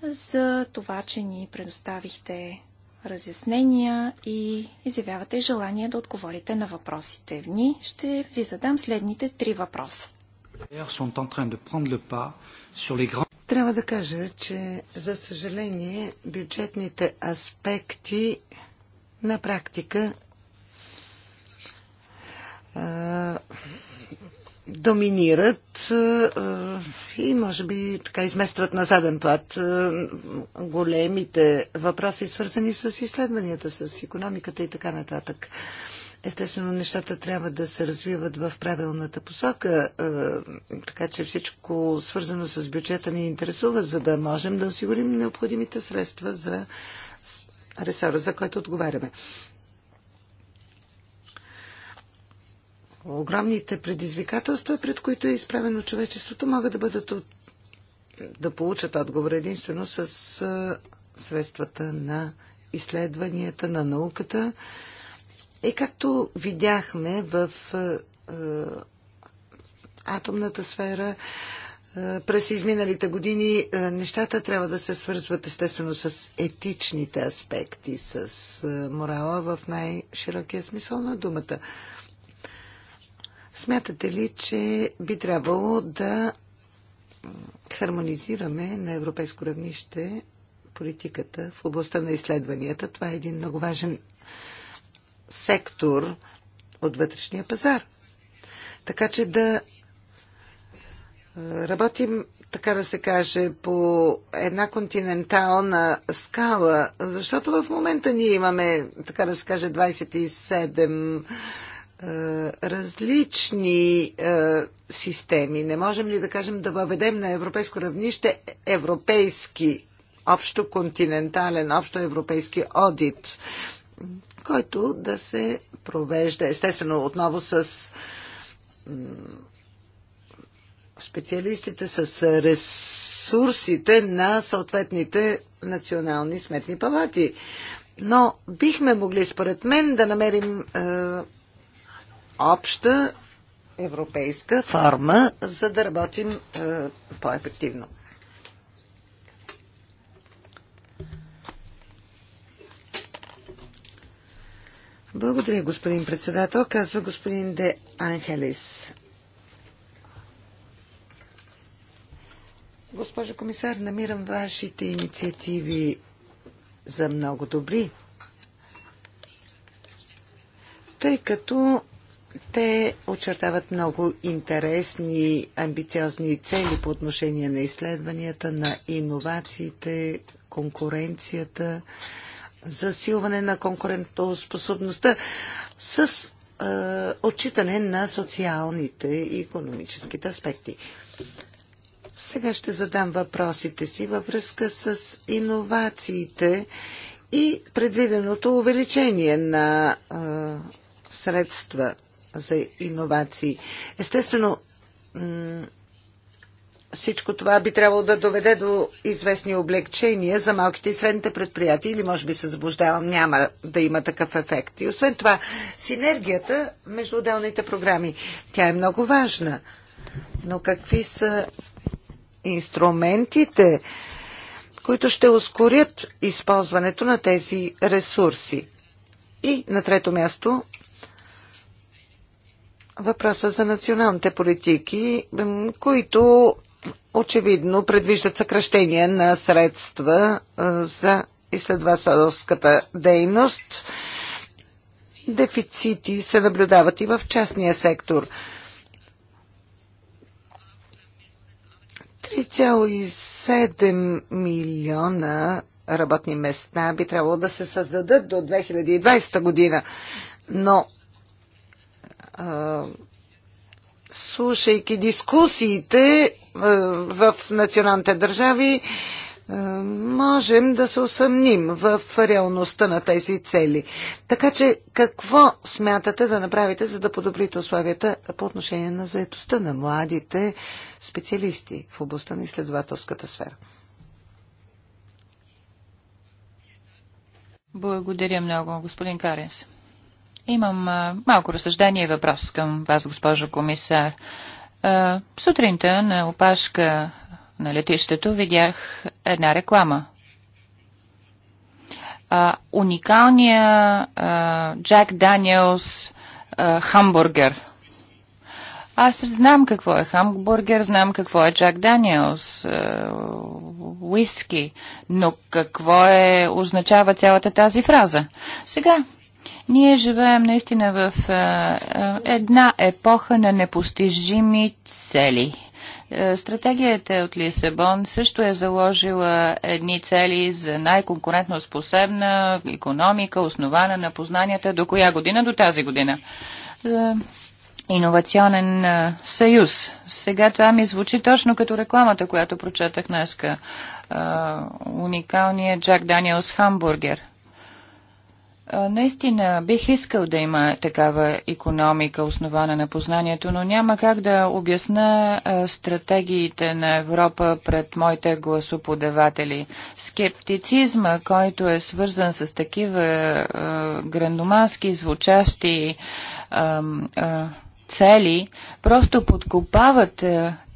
за това, че ни предоставихте разяснения и изявявате желание да отговорите на въпросите ни. Ще ви задам следните три въпроса. Трябва да кажа, че за съжаление бюджетните аспекти на практика доминират и може би така изместват на заден плат големите въпроси, свързани с изследванията, с економиката и така нататък. Естествено, нещата трябва да се развиват в правилната посока, така че всичко свързано с бюджета ни интересува, за да можем да осигурим необходимите средства за ресора, за който отговаряме. Огромните предизвикателства, пред които е изправено човечеството, могат да бъдат от... да получат отговор единствено с средствата на изследванията, на науката. И както видяхме в атомната сфера, през изминалите години е, нещата трябва да се свързват естествено с етичните аспекти, с е, морала в най-широкия смисъл на думата. Смятате ли, че би трябвало да хармонизираме на европейско равнище политиката в областта на изследванията? Това е един много важен сектор от вътрешния пазар. Така че да Работим, така да се каже, по една континентална скала, защото в момента ние имаме, така да се каже, 27 е, различни е, системи. Не можем ли да кажем да въведем на европейско равнище европейски, общо континентален, общо европейски одит, който да се провежда, естествено, отново с специалистите с ресурсите на съответните национални сметни палати. Но бихме могли, според мен, да намерим е, обща европейска форма, за да работим е, по-ефективно. Благодаря, господин председател, казва господин Де Анхелис. Госпожо комисар, намирам вашите инициативи за много добри, тъй като те очертават много интересни, амбициозни цели по отношение на изследванията, на иновациите, конкуренцията, засилване на конкурентоспособността с е, отчитане на социалните и економическите аспекти. Сега ще задам въпросите си във връзка с иновациите и предвиденото увеличение на а, средства за иновации. Естествено, всичко това би трябвало да доведе до известни облегчения за малките и средните предприятия или може би се заблуждавам, няма да има такъв ефект. И освен това, синергията между отделните програми, тя е много важна. Но какви са инструментите, които ще ускорят използването на тези ресурси. И на трето място въпроса за националните политики, които очевидно предвиждат съкръщение на средства за изследователската дейност. Дефицити се наблюдават и в частния сектор – 3,7 милиона работни места би трябвало да се създадат до 2020 година. Но а, слушайки дискусиите а, в националните държави, е, можем да се усъмним в реалността на тези цели. Така че какво смятате да направите, за да подобрите условията по отношение на заетостта на младите специалисти в областта на изследователската сфера? Благодаря много, господин Каренс. Имам а, малко разсъждение и въпрос към вас, госпожо комисар. А, сутринта на опашка на летището видях една реклама. А, уникалния а, Джак Даниелс а, хамбургер. Аз знам какво е хамбургер, знам какво е Джак Даниелс, уиски, но какво е, означава цялата тази фраза? Сега, ние живеем наистина в а, една епоха на непостижими цели е, стратегията от Лисабон също е заложила едни цели за най-конкурентно способна економика, основана на познанията до коя година? До тази година. Е, иновационен е, съюз. Сега това ми звучи точно като рекламата, която прочетах днеска. Уникалният Джак Даниелс Хамбургер – Наистина бих искал да има такава економика, основана на познанието, но няма как да обясна стратегиите на Европа пред моите гласоподаватели. Скептицизма, който е свързан с такива грандомански, звучащи цели, просто подкопават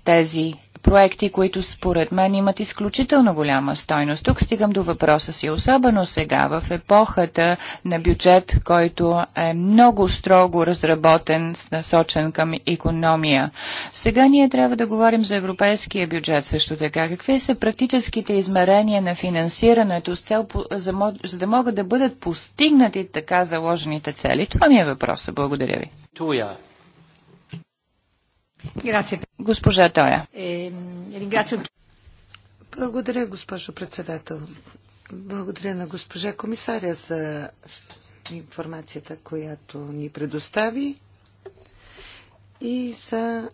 тези проекти, които според мен имат изключително голяма стойност. Тук стигам до въпроса си, особено сега в епохата на бюджет, който е много строго разработен, насочен към економия. Сега ние трябва да говорим за европейския бюджет също така. Какви са практическите измерения на финансирането с цел, за, за да могат да бъдат постигнати така заложените цели? Това ми е въпроса. Благодаря ви. Grazie Госпожа Тоя. Е, Благодаря, госпожо председател. Благодаря на госпожа комисаря за информацията, която ни предостави и за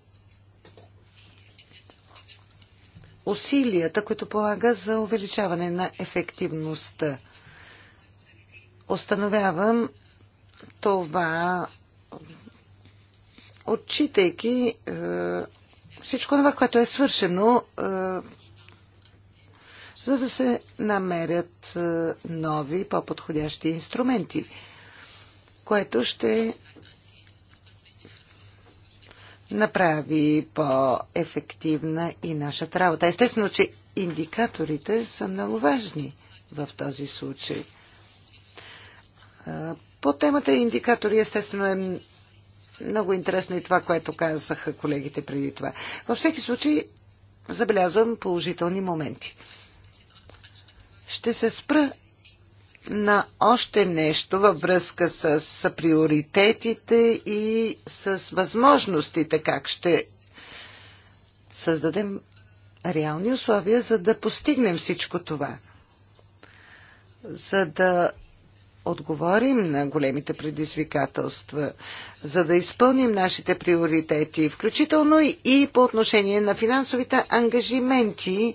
усилията, които полага за увеличаване на ефективността. Остановявам това, отчитайки е, всичко това, което е свършено, е, за да се намерят е, нови, по-подходящи инструменти, което ще направи по-ефективна и нашата работа. Естествено, че индикаторите са много важни в този случай. Е, по темата индикатори, естествено, е много интересно и това, което казаха колегите преди това. Във всеки случай, забелязвам положителни моменти. Ще се спра на още нещо във връзка с, с приоритетите и с възможностите, как ще създадем реални условия, за да постигнем всичко това. За да отговорим на големите предизвикателства, за да изпълним нашите приоритети, включително и по отношение на финансовите ангажименти,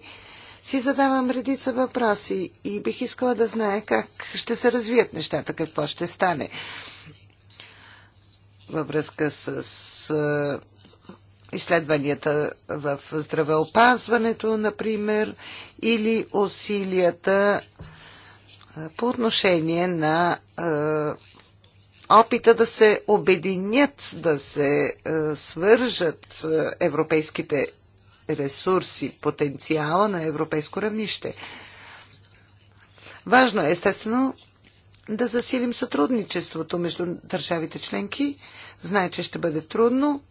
си задавам редица въпроси и бих искала да знае как ще се развият нещата, какво ще стане във връзка с изследванията в здравеопазването, например, или усилията по отношение на е, опита да се обединят, да се е, свържат е, европейските ресурси, потенциала на европейско равнище. Важно е, естествено, да засилим сътрудничеството между държавите членки. Знае, че ще бъде трудно.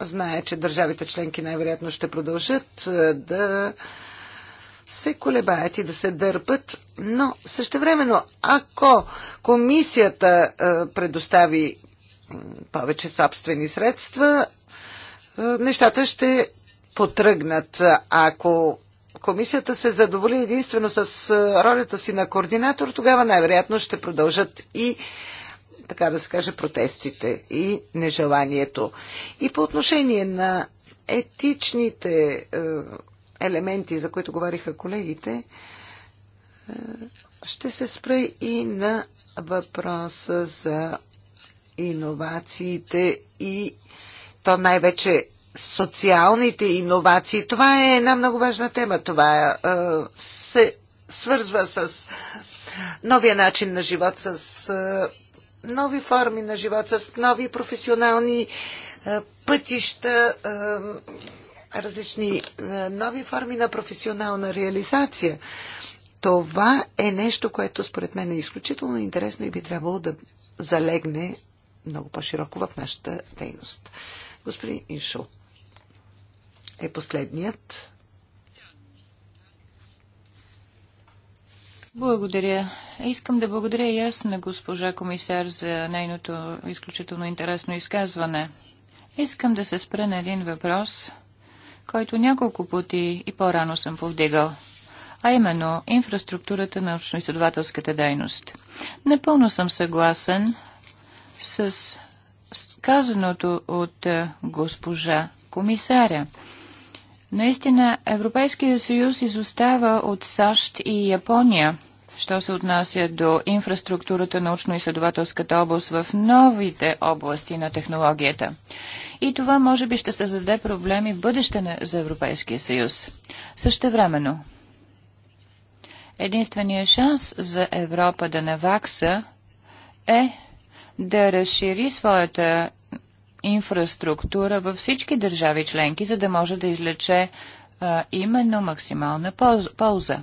Знае, че държавите членки най-вероятно ще продължат да се колебаят и да се дърпат, но същевременно, ако комисията е, предостави повече собствени средства, е, нещата ще потръгнат. Ако комисията се задоволи единствено с е, ролята си на координатор, тогава най-вероятно ще продължат и така да се каже, протестите и нежеланието. И по отношение на етичните е, елементи, за които говориха колегите, е, ще се спра и на въпроса за иновациите и то най-вече социалните иновации. Това е една много важна тема. Това е, е, се свързва с новия начин на живот, с нови форми на живот, с нови професионални пътища, различни е, нови форми на професионална реализация. Това е нещо, което според мен е изключително интересно и би трябвало да залегне много по-широко в нашата дейност. Господин Иншо е последният. Благодаря. Искам да благодаря и аз на госпожа комисар за нейното изключително интересно изказване. Искам да се спра на един въпрос – който няколко пъти и по-рано съм повдигал а именно инфраструктурата на научно-изследователската дейност. Напълно съм съгласен с казаното от е, госпожа комисаря. Наистина Европейския съюз изостава от САЩ и Япония – що се отнася до инфраструктурата, научно-изследователската област в новите области на технологията. И това може би ще се заде проблеми в бъдеще на, за Европейския съюз. Същевременно, единственият шанс за Европа да навакса е да разшири своята инфраструктура във всички държави членки, за да може да излече а, именно максимална полза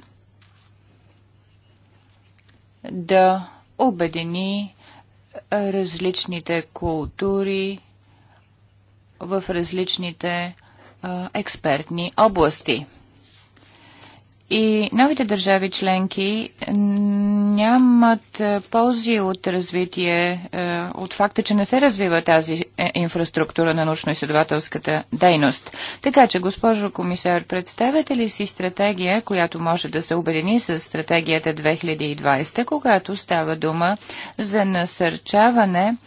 да обедини различните култури в различните експертни области. И новите държави членки нямат е, ползи от развитие, е, от факта, че не се развива тази е, инфраструктура на научно-изследователската дейност. Така че, госпожо комисар, представете ли си стратегия, която може да се обедини с стратегията 2020, когато става дума за насърчаване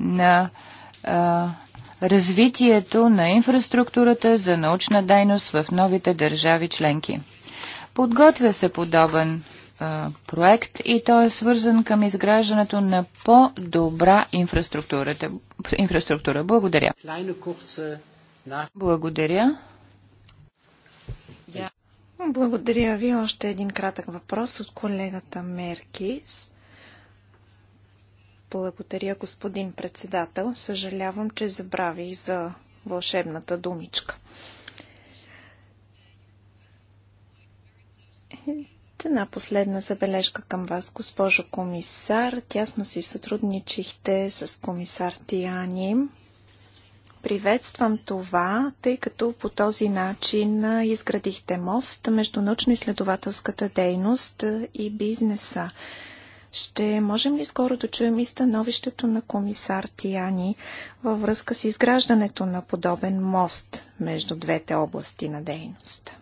на а, развитието на инфраструктурата за научна дейност в новите държави членки? Подготвя се подобен а, проект и той е свързан към изграждането на по-добра инфраструктура. Благодаря. Благодаря. Благодаря ви. Още един кратък въпрос от колегата Меркис. Благодаря, господин председател. Съжалявам, че забравих за вълшебната думичка. Една последна забележка към вас, госпожо комисар. Тясно си сътрудничихте с комисар Тиани. Приветствам това, тъй като по този начин изградихте мост между научно-изследователската дейност и бизнеса. Ще можем ли скоро да чуем и становището на комисар Тияни във връзка с изграждането на подобен мост между двете области на дейност?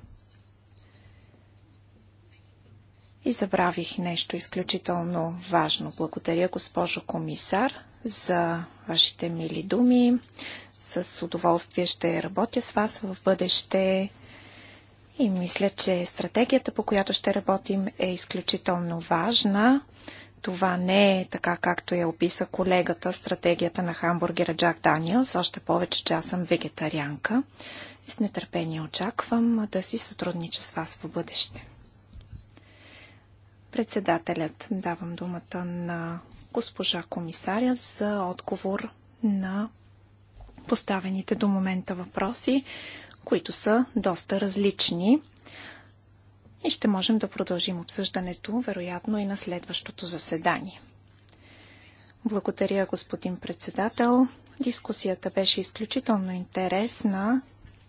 И забравих нещо изключително важно. Благодаря, госпожо комисар, за вашите мили думи. С удоволствие ще работя с вас в бъдеще. И мисля, че стратегията, по която ще работим, е изключително важна. Това не е така, както я описа колегата, стратегията на хамбургера Джак Даниелс, още повече, че аз съм вегетарианка. И с нетърпение очаквам да си сътруднича с вас в бъдеще. Председателят, давам думата на госпожа комисаря за отговор на поставените до момента въпроси, които са доста различни. И ще можем да продължим обсъждането, вероятно и на следващото заседание. Благодаря, господин председател. Дискусията беше изключително интересна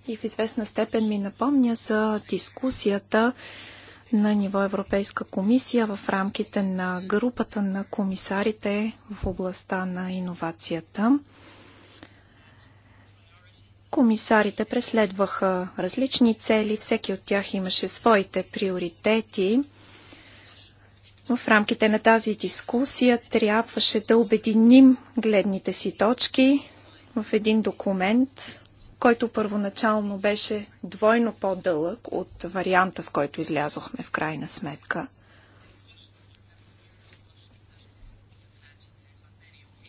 и в известна степен ми напомня за дискусията, на ниво Европейска комисия в рамките на групата на комисарите в областта на иновацията. Комисарите преследваха различни цели, всеки от тях имаше своите приоритети. В рамките на тази дискусия трябваше да обединим гледните си точки в един документ, който първоначално беше двойно по-дълъг от варианта, с който излязохме в крайна сметка.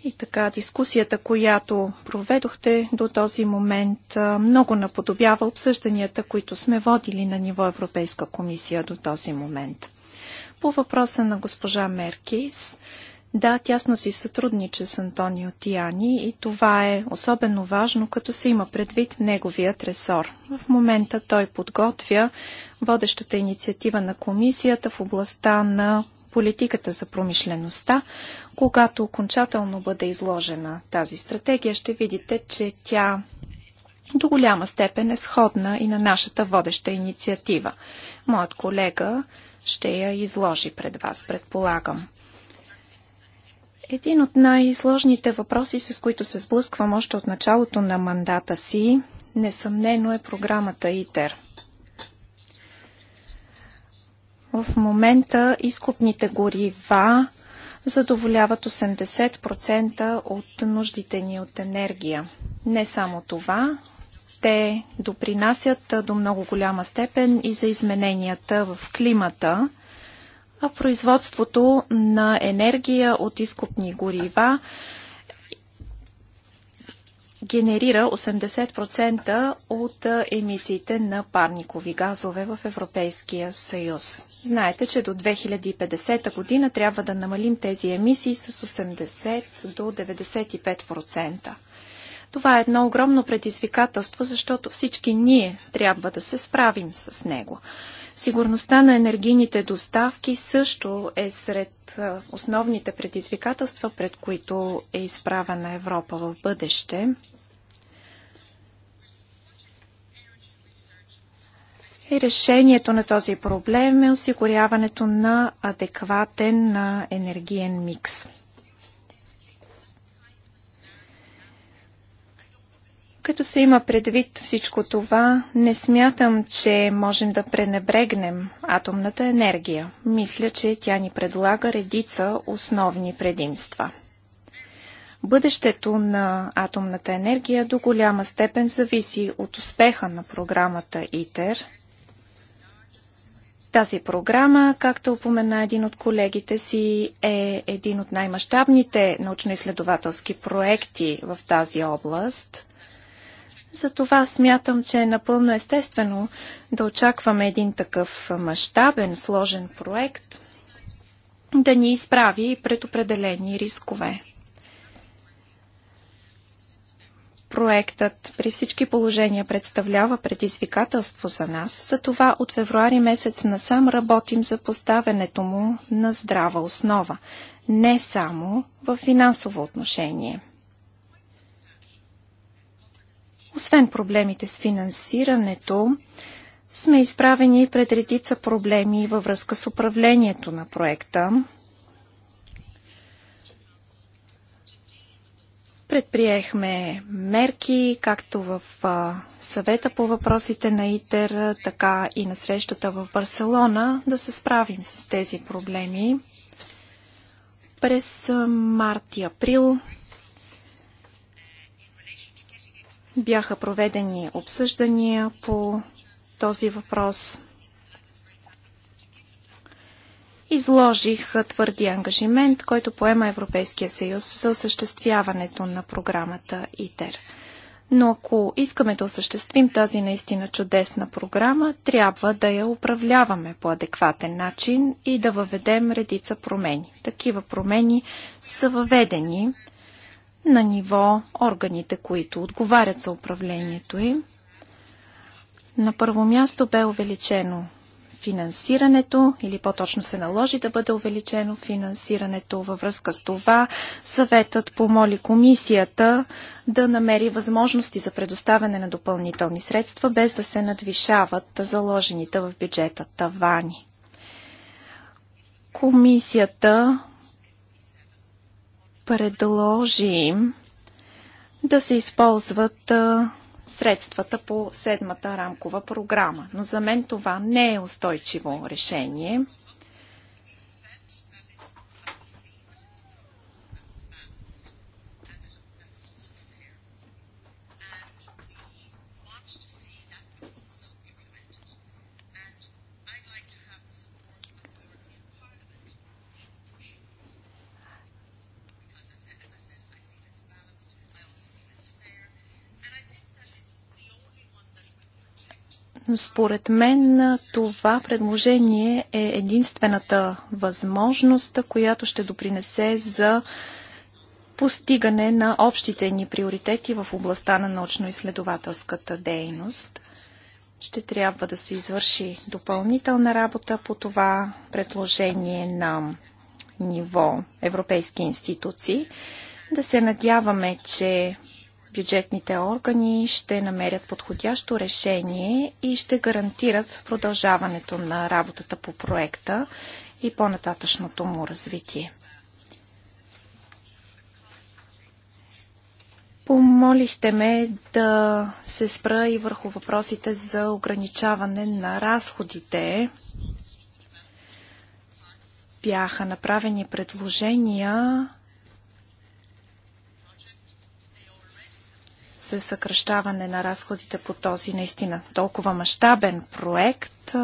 И така, дискусията, която проведохте до този момент, много наподобява обсъжданията, които сме водили на ниво Европейска комисия до този момент. По въпроса на госпожа Меркис, да, тясно си сътрудниче с Антонио Тияни и това е особено важно, като се има предвид неговият ресор. В момента той подготвя водещата инициатива на комисията в областта на политиката за промишлеността. Когато окончателно бъде изложена тази стратегия, ще видите, че тя до голяма степен е сходна и на нашата водеща инициатива. Моят колега ще я изложи пред вас, предполагам. Един от най-сложните въпроси, с които се сблъсквам още от началото на мандата си, несъмнено е програмата ИТЕР. В момента изкупните горива задоволяват 80% от нуждите ни от енергия. Не само това, те допринасят до много голяма степен и за измененията в климата – а производството на енергия от изкупни горива генерира 80% от емисиите на парникови газове в Европейския съюз. Знаете, че до 2050 година трябва да намалим тези емисии с 80 до 95%. Това е едно огромно предизвикателство, защото всички ние трябва да се справим с него. Сигурността на енергийните доставки също е сред основните предизвикателства, пред които е изправена Европа в бъдеще. И решението на този проблем е осигуряването на адекватен енергиен микс. Като се има предвид всичко това, не смятам, че можем да пренебрегнем атомната енергия. Мисля, че тя ни предлага редица основни предимства. Бъдещето на атомната енергия до голяма степен зависи от успеха на програмата ИТЕР. Тази програма, както упомена един от колегите си, е един от най-мащабните научно-изследователски проекти в тази област – затова смятам, че е напълно естествено да очакваме един такъв мащабен, сложен проект да ни изправи пред определени рискове. Проектът при всички положения представлява предизвикателство за нас, затова от февруари месец насам работим за поставянето му на здрава основа, не само в финансово отношение – освен проблемите с финансирането, сме изправени пред редица проблеми във връзка с управлението на проекта. Предприехме мерки, както в съвета по въпросите на ИТЕР, така и на срещата в Барселона, да се справим с тези проблеми. През март и април Бяха проведени обсъждания по този въпрос. Изложих твърди ангажимент, който поема Европейския съюз за осъществяването на програмата ИТЕР. Но ако искаме да осъществим тази наистина чудесна програма, трябва да я управляваме по адекватен начин и да въведем редица промени. Такива промени са въведени на ниво органите, които отговарят за управлението им. На първо място бе увеличено финансирането или по-точно се наложи да бъде увеличено финансирането във връзка с това. Съветът помоли комисията да намери възможности за предоставяне на допълнителни средства, без да се надвишават заложените в бюджета тавани. Комисията предложи да се използват средствата по седмата рамкова програма. Но за мен това не е устойчиво решение. Според мен това предложение е единствената възможност, която ще допринесе за постигане на общите ни приоритети в областта на научно-изследователската дейност. Ще трябва да се извърши допълнителна работа по това предложение на ниво европейски институции. Да се надяваме, че бюджетните органи ще намерят подходящо решение и ще гарантират продължаването на работата по проекта и по-нататъчното му развитие. Помолихте ме да се спра и върху въпросите за ограничаване на разходите. Бяха направени предложения се съкръщаване на разходите по този наистина толкова мащабен проект.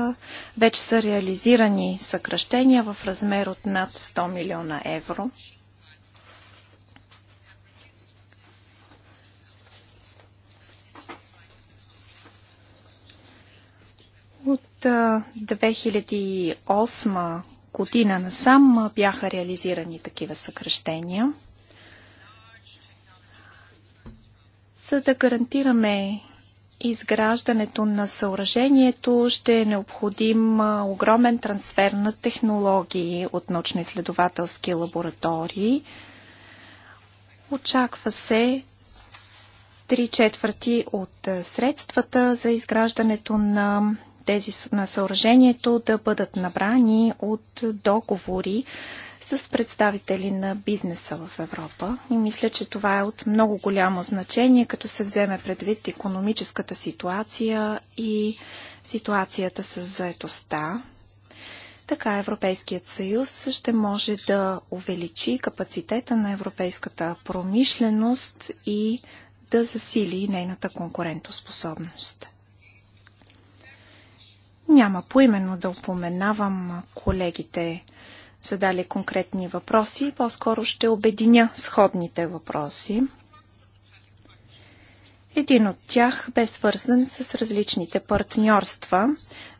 Вече са реализирани съкръщения в размер от над 100 милиона евро. От 2008 година насам бяха реализирани такива съкръщения. За да гарантираме изграждането на съоръжението ще е необходим огромен трансфер на технологии от научно-изследователски лаборатории. Очаква се три четвърти от средствата за изграждането на тези на съоръжението да бъдат набрани от договори с представители на бизнеса в Европа и мисля, че това е от много голямо значение, като се вземе предвид економическата ситуация и ситуацията с заетостта. Така Европейският съюз ще може да увеличи капацитета на европейската промишленост и да засили нейната конкурентоспособност. Няма поименно да упоменавам колегите, задали конкретни въпроси. По-скоро ще обединя сходните въпроси. Един от тях бе свързан с различните партньорства.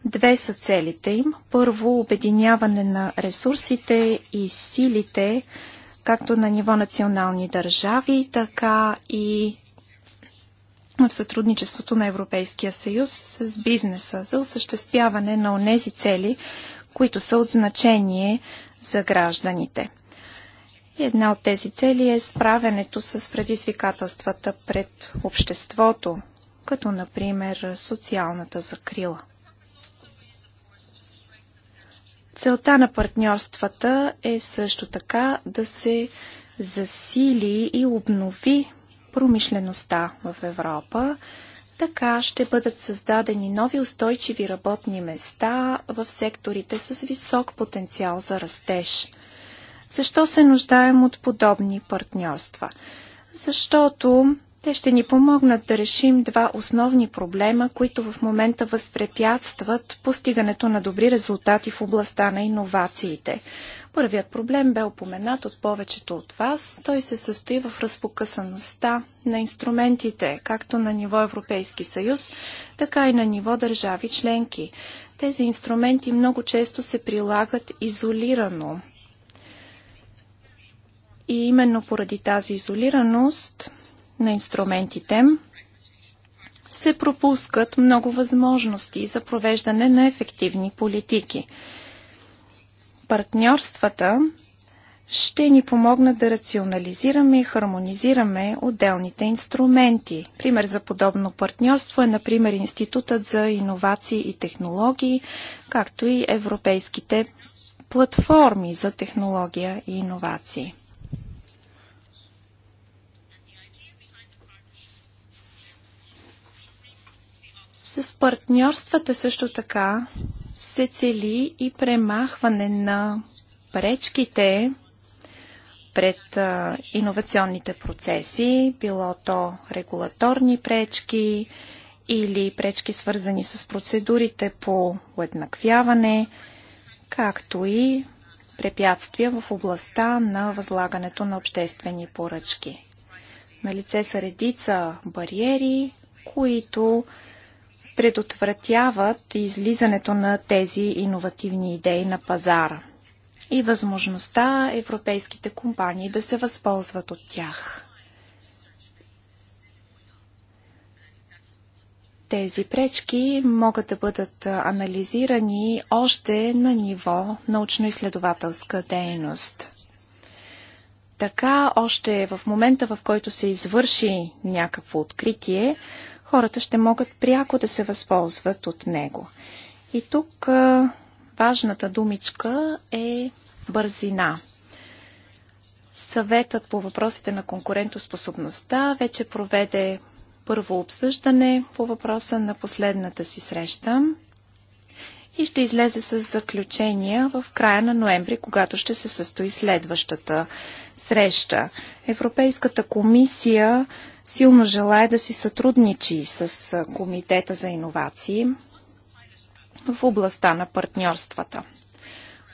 Две са целите им. Първо, обединяване на ресурсите и силите, както на ниво национални държави, така и в сътрудничеството на Европейския съюз с бизнеса за осъществяване на онези цели, които са от значение за гражданите. Една от тези цели е справянето с предизвикателствата пред обществото, като например социалната закрила. Целта на партньорствата е също така да се засили и обнови промишлеността в Европа, така ще бъдат създадени нови устойчиви работни места в секторите с висок потенциал за растеж. Защо се нуждаем от подобни партньорства? Защото те ще ни помогнат да решим два основни проблема, които в момента възпрепятстват постигането на добри резултати в областта на иновациите. Първият проблем бе упоменат от повечето от вас. Той се състои в разпокъсаността на инструментите, както на ниво Европейски съюз, така и на ниво държави членки. Тези инструменти много често се прилагат изолирано. И именно поради тази изолираност на инструментите се пропускат много възможности за провеждане на ефективни политики. Партньорствата ще ни помогнат да рационализираме и хармонизираме отделните инструменти. Пример за подобно партньорство е, например, Институтът за иновации и технологии, както и европейските платформи за технология и иновации. С партньорствата също така се цели и премахване на пречките пред а, иновационните процеси, било то регулаторни пречки или пречки свързани с процедурите по уеднаквяване, както и препятствия в областта на възлагането на обществени поръчки. лице са редица бариери, които предотвратяват излизането на тези иновативни идеи на пазара и възможността европейските компании да се възползват от тях. Тези пречки могат да бъдат анализирани още на ниво научно-изследователска дейност – така още в момента, в който се извърши някакво откритие, хората ще могат пряко да се възползват от него. И тук важната думичка е бързина. Съветът по въпросите на конкурентоспособността вече проведе първо обсъждане по въпроса на последната си среща и ще излезе с заключения в края на ноември, когато ще се състои следващата среща. Европейската комисия силно желая да си сътрудничи с Комитета за иновации в областта на партньорствата.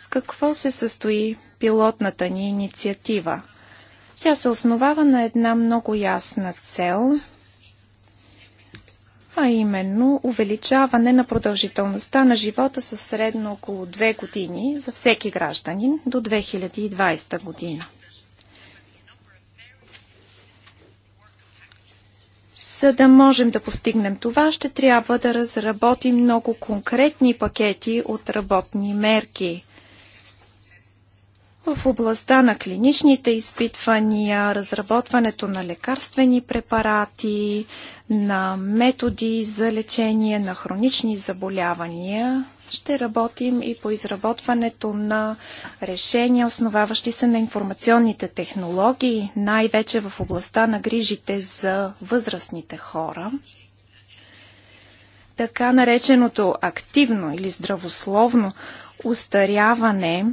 В какво се състои пилотната ни инициатива? Тя се основава на една много ясна цел, а именно увеличаване на продължителността на живота със средно около 2 години за всеки гражданин до 2020 година. За да можем да постигнем това, ще трябва да разработим много конкретни пакети от работни мерки. В областта на клиничните изпитвания, разработването на лекарствени препарати, на методи за лечение на хронични заболявания, ще работим и по изработването на решения, основаващи се на информационните технологии, най-вече в областта на грижите за възрастните хора. Така нареченото активно или здравословно устаряване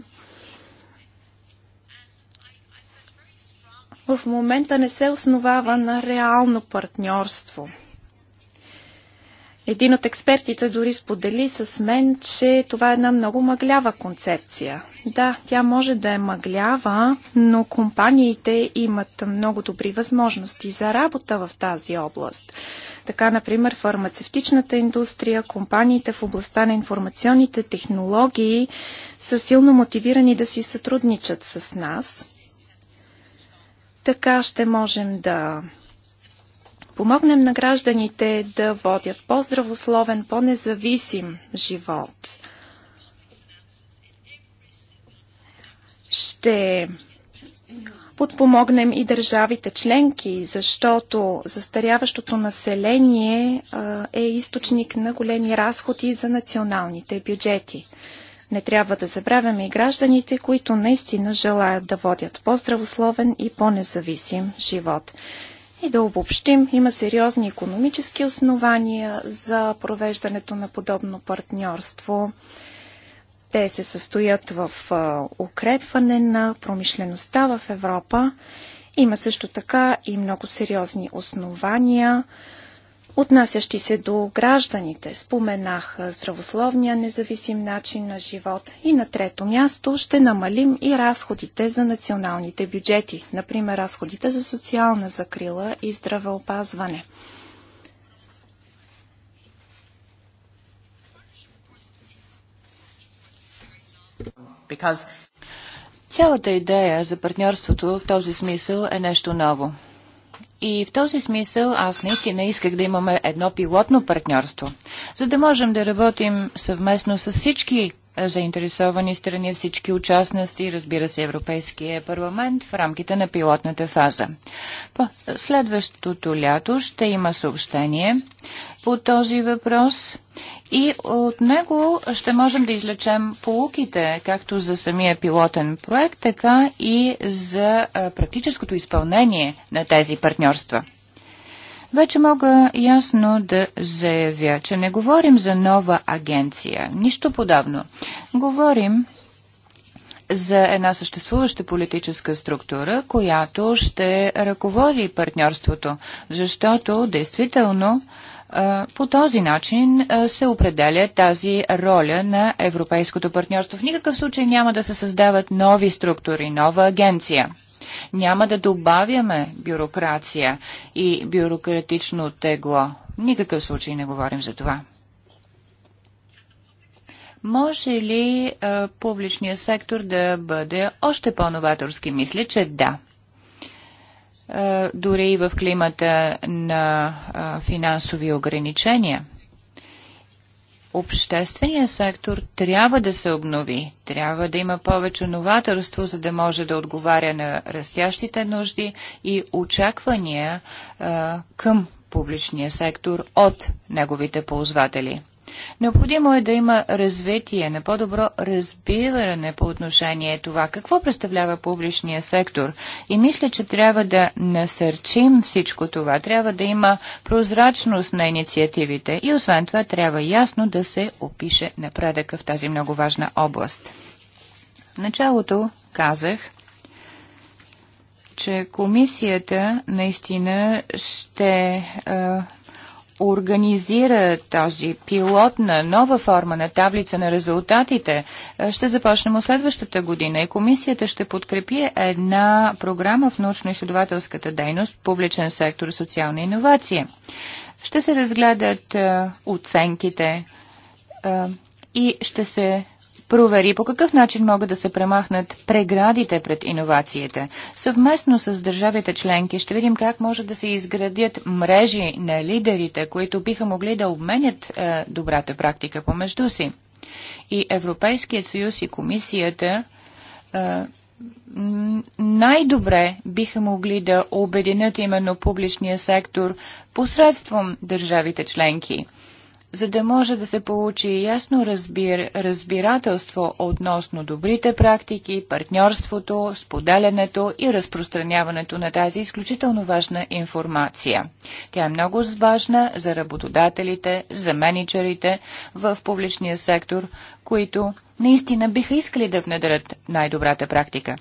в момента не се основава на реално партньорство – един от експертите дори сподели с мен, че това е една много мъглява концепция. Да, тя може да е мъглява, но компаниите имат много добри възможности за работа в тази област. Така, например, фармацевтичната индустрия, компаниите в областта на информационните технологии са силно мотивирани да си сътрудничат с нас. Така ще можем да помогнем на гражданите да водят по-здравословен, по-независим живот. Ще подпомогнем и държавите членки, защото застаряващото население е източник на големи разходи за националните бюджети. Не трябва да забравяме и гражданите, които наистина желаят да водят по-здравословен и по-независим живот. И да обобщим, има сериозни економически основания за провеждането на подобно партньорство. Те се състоят в укрепване на промишлеността в Европа. Има също така и много сериозни основания отнасящи се до гражданите. Споменах здравословния независим начин на живот и на трето място ще намалим и разходите за националните бюджети, например разходите за социална закрила и здравеопазване. Because... Цялата идея за партньорството в този смисъл е нещо ново. И в този смисъл аз наистина исках да имаме едно пилотно партньорство, за да можем да работим съвместно с всички заинтересовани страни, всички участници, разбира се, Европейския парламент в рамките на пилотната фаза. По следващото лято ще има съобщение по този въпрос и от него ще можем да излечем полуките, както за самия пилотен проект, така и за практическото изпълнение на тези партньорства. Вече мога ясно да заявя, че не говорим за нова агенция. Нищо подобно. Говорим за една съществуваща политическа структура, която ще ръководи партньорството, защото действително по този начин се определя тази роля на европейското партньорство. В никакъв случай няма да се създават нови структури, нова агенция. Няма да добавяме бюрокрация и бюрократично тегло. никакъв случай не говорим за това. Може ли а, публичният сектор да бъде още по-новаторски? Мисля, че да. А, дори и в климата на а, финансови ограничения – обществения сектор трябва да се обнови, трябва да има повече новаторство, за да може да отговаря на растящите нужди и очаквания а, към публичния сектор от неговите ползватели. Необходимо е да има развитие на по-добро разбиране по отношение това какво представлява публичния сектор. И мисля, че трябва да насърчим всичко това. Трябва да има прозрачност на инициативите и освен това трябва ясно да се опише напредъка в тази много важна област. В началото казах, че комисията наистина ще организира този пилот на нова форма на таблица на резултатите, е, ще започнем от следващата година и комисията ще подкрепи една програма в научно-изследователската дейност, публичен сектор, социална иновация. Ще се разгледат е, оценките е, и ще се провери по какъв начин могат да се премахнат преградите пред иновациите. Съвместно с държавите членки ще видим как може да се изградят мрежи на лидерите, които биха могли да обменят е, добрата практика помежду си. И Европейският съюз и комисията е, най-добре биха могли да обединят именно публичния сектор посредством държавите членки за да може да се получи ясно разбир, разбирателство относно добрите практики, партньорството, споделянето и разпространяването на тази изключително важна информация. Тя е много важна за работодателите, за менеджерите в публичния сектор, които наистина биха искали да внедрят най-добрата практика.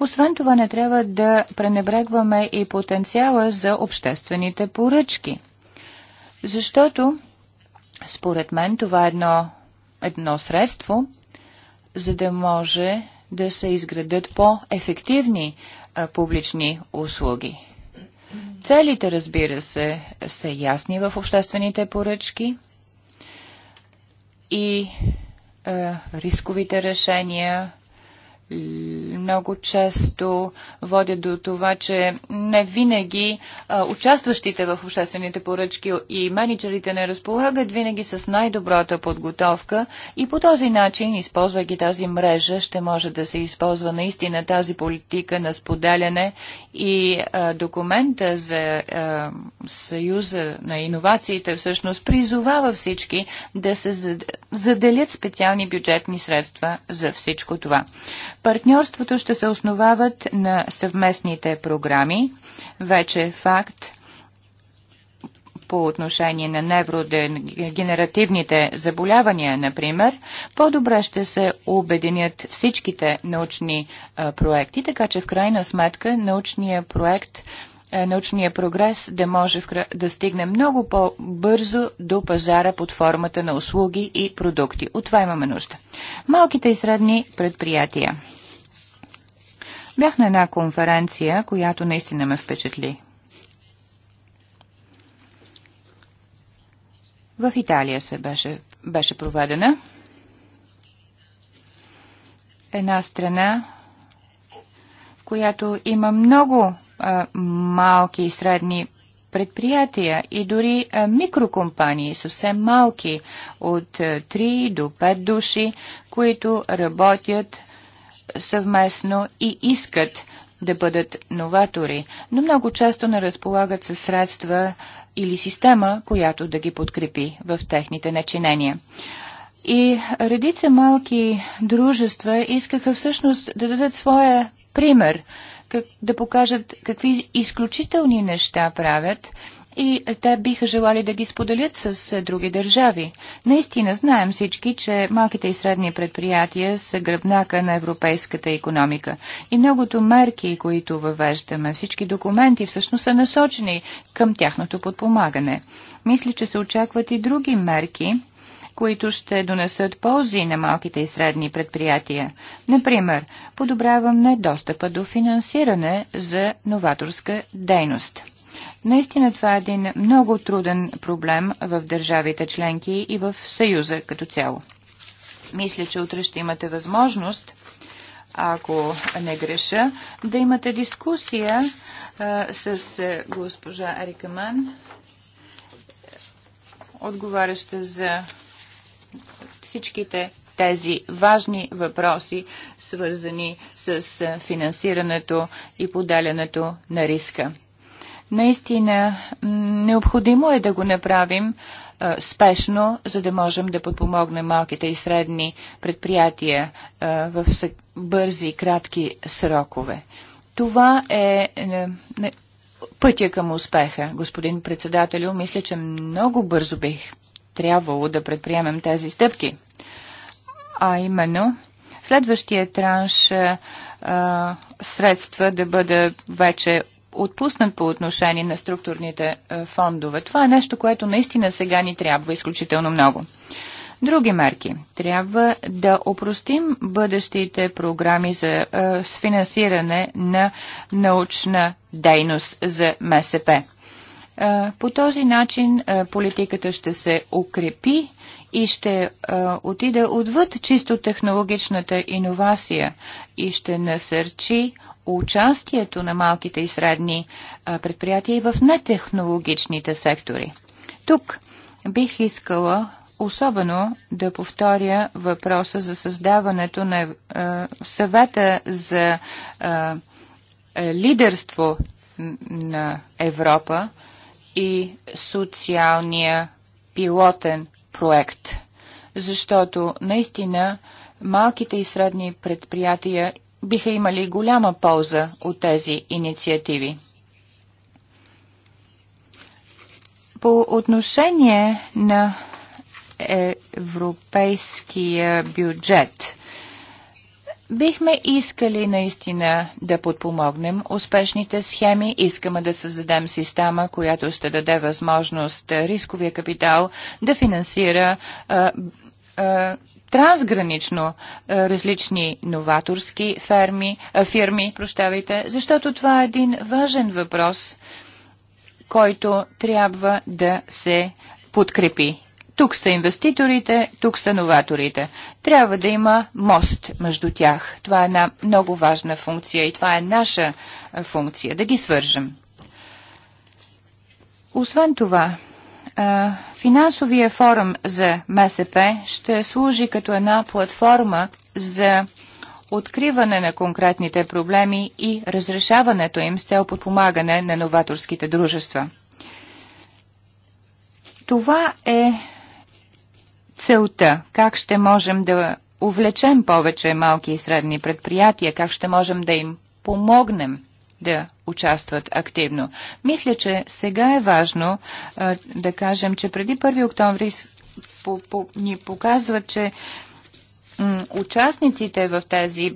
Освен това не трябва да пренебрегваме и потенциала за обществените поръчки. Защото според мен това е едно, едно средство, за да може да се изградат по-ефективни публични услуги. Целите, разбира се, са ясни в обществените поръчки и е, рисковите решения, много често водят до това, че не винаги а, участващите в обществените поръчки и менеджерите не разполагат винаги с най-добрата подготовка и по този начин, използвайки тази мрежа, ще може да се използва наистина тази политика на споделяне и а, документа за а, Съюза на иновациите всъщност призовава всички да се заделят специални бюджетни средства за всичко това. Партньорството ще се основават на съвместните програми. Вече е факт по отношение на неврогенеративните заболявания, например, по-добре ще се обединят всичките научни а, проекти, така че в крайна сметка научния проект научния прогрес да може да стигне много по-бързо до пазара под формата на услуги и продукти. От това имаме нужда. Малките и средни предприятия. Бях на една конференция, която наистина ме впечатли. В Италия се беше, беше проведена. Една страна, в която има много а, малки и средни предприятия и дори а, микрокомпании, съвсем малки, от а, 3 до 5 души, които работят съвместно и искат да бъдат новатори, но много често не разполагат със средства или система, която да ги подкрепи в техните начинения. И редица малки дружества искаха всъщност да дадат своя пример, как, да покажат какви изключителни неща правят и те биха желали да ги споделят с е, други държави. Наистина знаем всички, че малките и средни предприятия са гръбнака на европейската економика. И многото мерки, които въвеждаме, всички документи всъщност са насочени към тяхното подпомагане. Мисля, че се очакват и други мерки, които ще донесат ползи на малките и средни предприятия. Например, подобряваме достъпа до финансиране за новаторска дейност. Наистина това е един много труден проблем в държавите членки и в Съюза като цяло. Мисля, че утре ще имате възможност, ако не греша, да имате дискусия а, с госпожа Ерика Ман, отговаряща за всичките тези важни въпроси, свързани с финансирането и поделянето на риска. Наистина, необходимо е да го направим спешно, за да можем да подпомогнем малките и средни предприятия в бързи, кратки срокове. Това е, е, е пътя към успеха, господин председателю. Мисля, че много бързо бих трябвало да предприемем тези стъпки. А именно, следващия транш е, средства да бъде вече отпуснат по отношение на структурните е, фондове. Това е нещо, което наистина сега ни трябва изключително много. Други мерки. Трябва да опростим бъдещите програми за е, сфинансиране на научна дейност за МСП. Е, по този начин е, политиката ще се укрепи и ще е, отида отвъд чисто технологичната иновация и ще насърчи участието на малките и средни предприятия и в нетехнологичните сектори. Тук бих искала особено да повторя въпроса за създаването на съвета за лидерство на Европа и социалния пилотен проект. Защото наистина малките и средни предприятия биха имали голяма полза от тези инициативи. По отношение на европейския бюджет, бихме искали наистина да подпомогнем успешните схеми. Искаме да създадем система, която ще даде възможност рисковия капитал да финансира а, а, трансгранично е, различни новаторски ферми, е, фирми, прощавайте, защото това е един важен въпрос, който трябва да се подкрепи. Тук са инвеститорите, тук са новаторите. Трябва да има мост между тях. Това е една много важна функция и това е наша е, функция да ги свържем. Освен това, Финансовия форум за МСП ще служи като една платформа за откриване на конкретните проблеми и разрешаването им с цел подпомагане на новаторските дружества. Това е целта. Как ще можем да увлечем повече малки и средни предприятия, как ще можем да им помогнем – да участват активно. Мисля, че сега е важно а, да кажем, че преди 1 октомври по, по, ни показват, че участниците в тези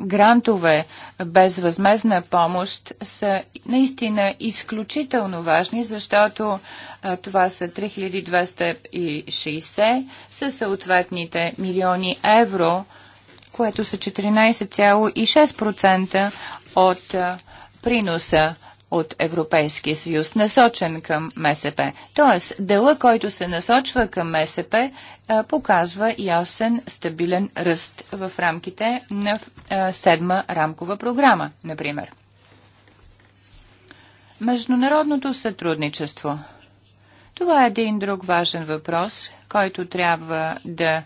грантове безвъзмезна помощ са наистина изключително важни, защото а, това са 3260 със съответните милиони евро, което са 14,6% от приноса от Европейския съюз, насочен към МСП. Тоест, дела, който се насочва към МСП, показва ясен, стабилен ръст в рамките на седма рамкова програма, например. Международното сътрудничество. Това е един друг важен въпрос, който трябва да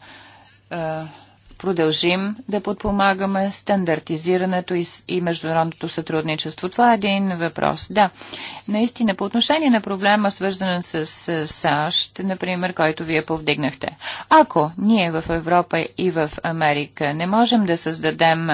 продължим да подпомагаме стандартизирането и, и международното сътрудничество. Това е един въпрос. Да, наистина, по отношение на проблема, свързан с, с САЩ, например, който вие повдигнахте. Ако ние в Европа и в Америка не можем да създадем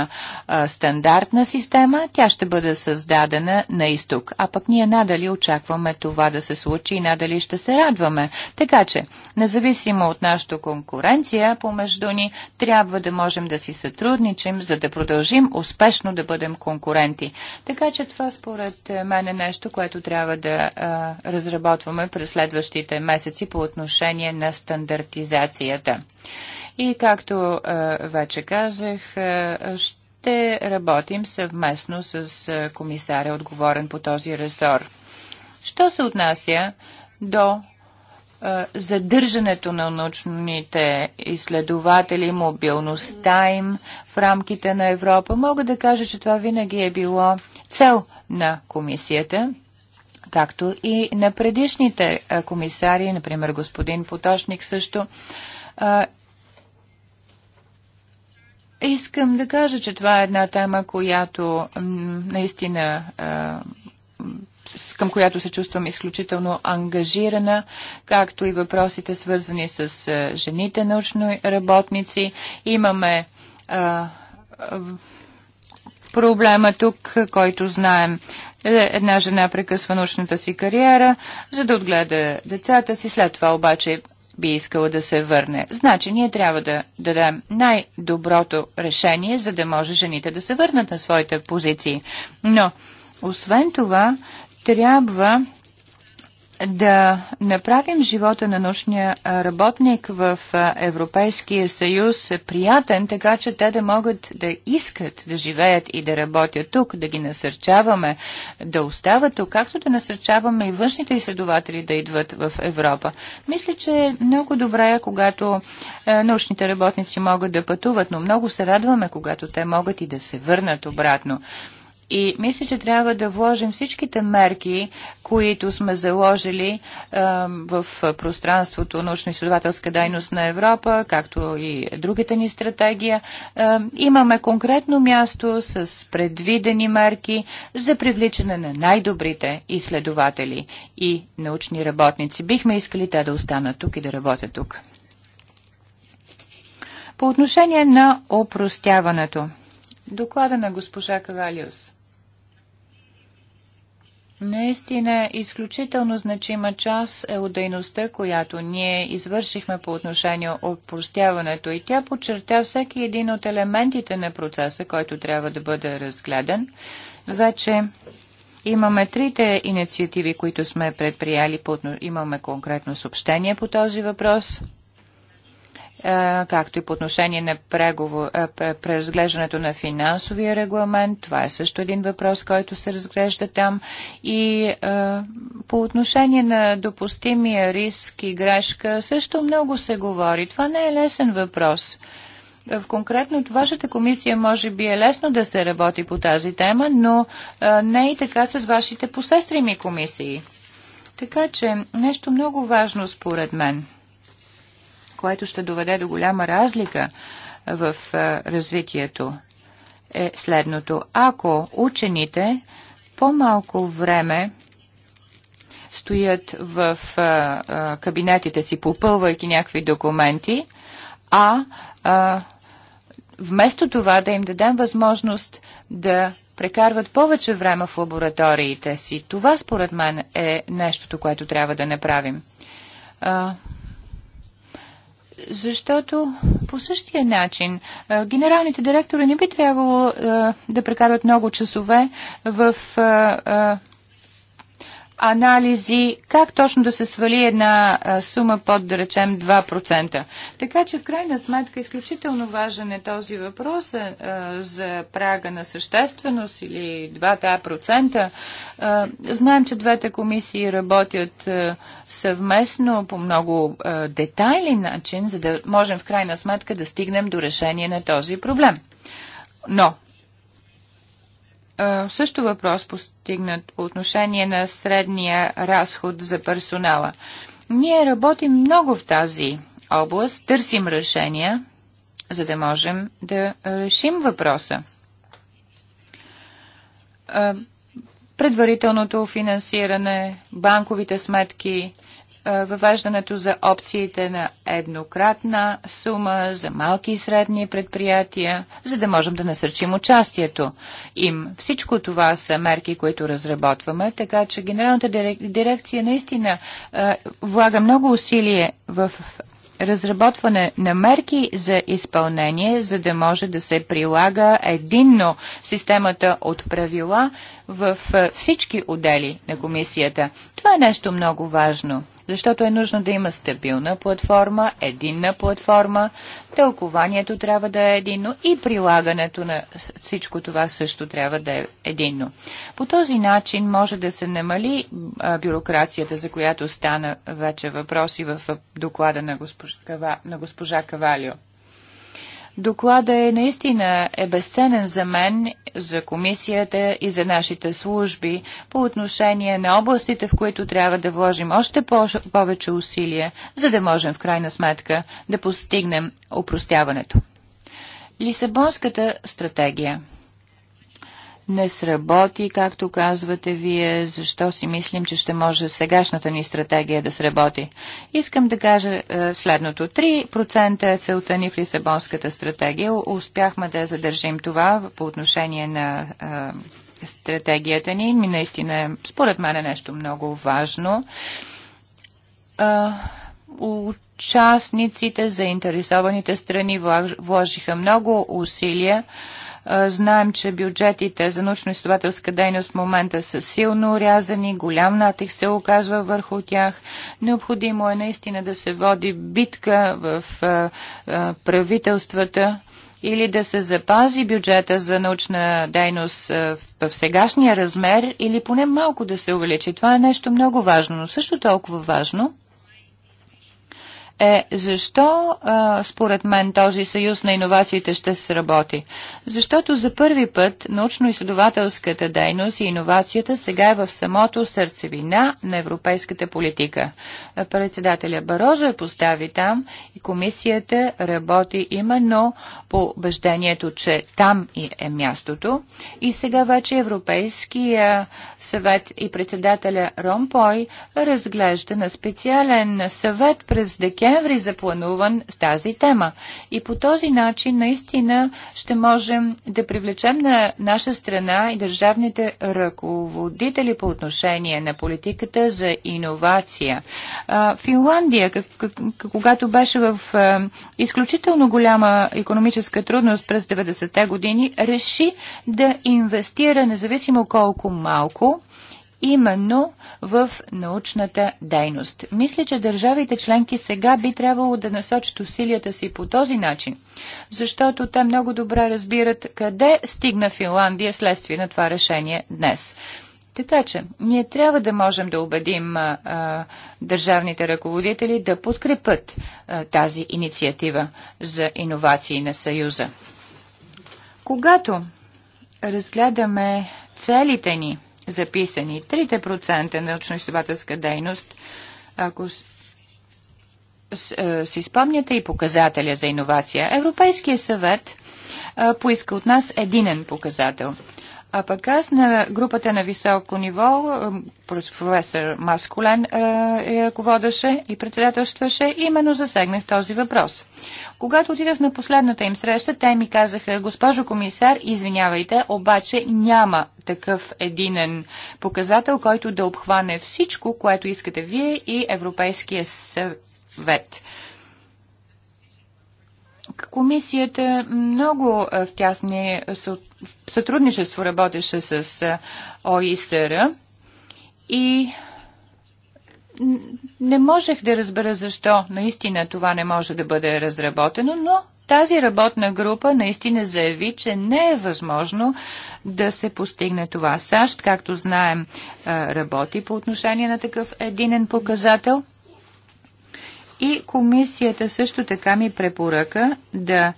а, стандартна система, тя ще бъде създадена на изток. А пък ние надали очакваме това да се случи и надали ще се радваме. Така че, независимо от нашата конкуренция помежду ни, трябва да можем да си сътрудничим, за да продължим успешно да бъдем конкуренти. Така че това според е, мен е нещо, което трябва да а, е, разработваме през следващите месеци по отношение на стандартизацията. И както а, е, вече казах, а, ще работим съвместно с а, комисаря, отговорен по този ресор. Що се отнася до задържането на научните изследователи, мобилността им в рамките на Европа. Мога да кажа, че това винаги е било цел на комисията, както и на предишните комисари, например господин Поточник също. Искам да кажа, че това е една тема, която наистина към която се чувствам изключително ангажирана, както и въпросите свързани с жените научни работници. Имаме а, а, проблема тук, който знаем. Е, една жена прекъсва научната си кариера, за да отгледа децата си, след това обаче би искала да се върне. Значи ние трябва да дадем най-доброто решение, за да може жените да се върнат на своите позиции. Но, освен това, трябва да направим живота на научния работник в Европейския съюз приятен, така че те да могат да искат да живеят и да работят тук, да ги насърчаваме да остават тук, както да насърчаваме и външните изследователи да идват в Европа. Мисля, че е много добре, когато научните работници могат да пътуват, но много се радваме, когато те могат и да се върнат обратно. И мисля, че трябва да вложим всичките мерки, които сме заложили в пространството научно-изследователска дейност на Европа, както и другите ни стратегия. имаме конкретно място с предвидени мерки за привличане на най-добрите изследователи и научни работници. Бихме искали те да останат тук и да работят тук. По отношение на опростяването. Доклада на госпожа Кавалиус. Наистина, изключително значима част е от дейността, която ние извършихме по отношение опростяването и тя подчерта всеки един от елементите на процеса, който трябва да бъде разгледан. Вече имаме трите инициативи, които сме предприяли, имаме конкретно съобщение по този въпрос – както и по отношение на преговор, преразглеждането на финансовия регламент. Това е също един въпрос, който се разглежда там. И по отношение на допустимия риск и грешка също много се говори. Това не е лесен въпрос. В конкретно от вашата комисия може би е лесно да се работи по тази тема, но не и така с вашите посестрими комисии. Така че нещо много важно според мен – което ще доведе до голяма разлика в развитието, е следното. Ако учените по-малко време стоят в кабинетите си, попълвайки някакви документи, а, вместо това да им дадем възможност да прекарват повече време в лабораториите си. Това според мен е нещото, което трябва да направим. Защото по същия начин генералните директори не би трябвало да прекарват много часове в анализи как точно да се свали една сума под, да речем, 2%. Така че в крайна сметка изключително важен е този въпрос а, за прага на същественост или 2%. А, знаем, че двете комисии работят а, съвместно по много а, детайли начин, за да можем в крайна сметка да стигнем до решение на този проблем. Но е, също въпрос постигнат по отношение на средния разход за персонала. Ние работим много в тази област, търсим решения, за да можем да решим въпроса. Е, предварителното финансиране, банковите сметки – въвеждането за опциите на еднократна сума за малки и средни предприятия, за да можем да насърчим участието им. Всичко това са мерки, които разработваме, така че Генералната дирекция наистина влага много усилие в разработване на мерки за изпълнение, за да може да се прилага единно системата от правила в всички отдели на комисията. Това е нещо много важно защото е нужно да има стабилна платформа, единна платформа, тълкованието трябва да е единно и прилагането на всичко това също трябва да е единно. По този начин може да се намали бюрокрацията, за която стана вече въпроси в доклада на госпожа, на госпожа Кавалио. Доклада е наистина е безценен за мен, за комисията и за нашите служби по отношение на областите, в които трябва да вложим още по повече усилия, за да можем в крайна сметка да постигнем опростяването. Лисабонската стратегия – не сработи, както казвате вие, защо си мислим, че ще може сегашната ни стратегия да сработи. Искам да кажа е, следното. 3% е целта ни в Лисабонската стратегия. Успяхме да задържим това по отношение на е, стратегията ни. Ми наистина е, според мен е нещо много важно. Е, участниците, заинтересованите страни вложиха много усилия Знаем, че бюджетите за научно-изследователска дейност в момента са силно урязани, голям натиск се оказва върху тях. Необходимо е наистина да се води битка в правителствата или да се запази бюджета за научна дейност в сегашния размер, или поне малко да се увеличи. Това е нещо много важно, но също толкова важно – е защо а, според мен този съюз на иновациите ще се работи? Защото за първи път научно-изследователската дейност и иновацията сега е в самото сърцевина на европейската политика. Председателя Барожа е постави там и комисията работи именно по убеждението, че там и е мястото. И сега вече Европейския съвет и председателя Ромпой разглежда на специален съвет през декември декември заплануван в тази тема. И по този начин наистина ще можем да привлечем на наша страна и държавните ръководители по отношение на политиката за иновация. Финландия, когато беше в изключително голяма економическа трудност през 90-те години, реши да инвестира, независимо колко малко, именно в научната дейност. Мисля, че държавите членки сега би трябвало да насочат усилията си по този начин, защото те много добре разбират къде стигна Финландия следствие на това решение днес. Така че, ние трябва да можем да убедим а, а, държавните ръководители да подкрепят а, тази инициатива за иновации на Съюза. Когато разгледаме целите ни, записани. 3% е научно-изследователска дейност. Ако е, си спомняте и показателя за иновация, Европейския съвет е, поиска от нас единен показател – а пък аз на групата на високо ниво, професор Масколен е ръководеше и председателстваше, именно засегнах този въпрос. Когато отидах на последната им среща, те ми казаха, госпожо комисар, извинявайте, обаче няма такъв единен показател, който да обхване всичко, което искате вие и Европейския съвет комисията много в тясни сътрудничество работеше с ОИСР и не можех да разбера защо наистина това не може да бъде разработено, но тази работна група наистина заяви, че не е възможно да се постигне това. САЩ, както знаем, работи по отношение на такъв единен показател – и комисията също така ми препоръка да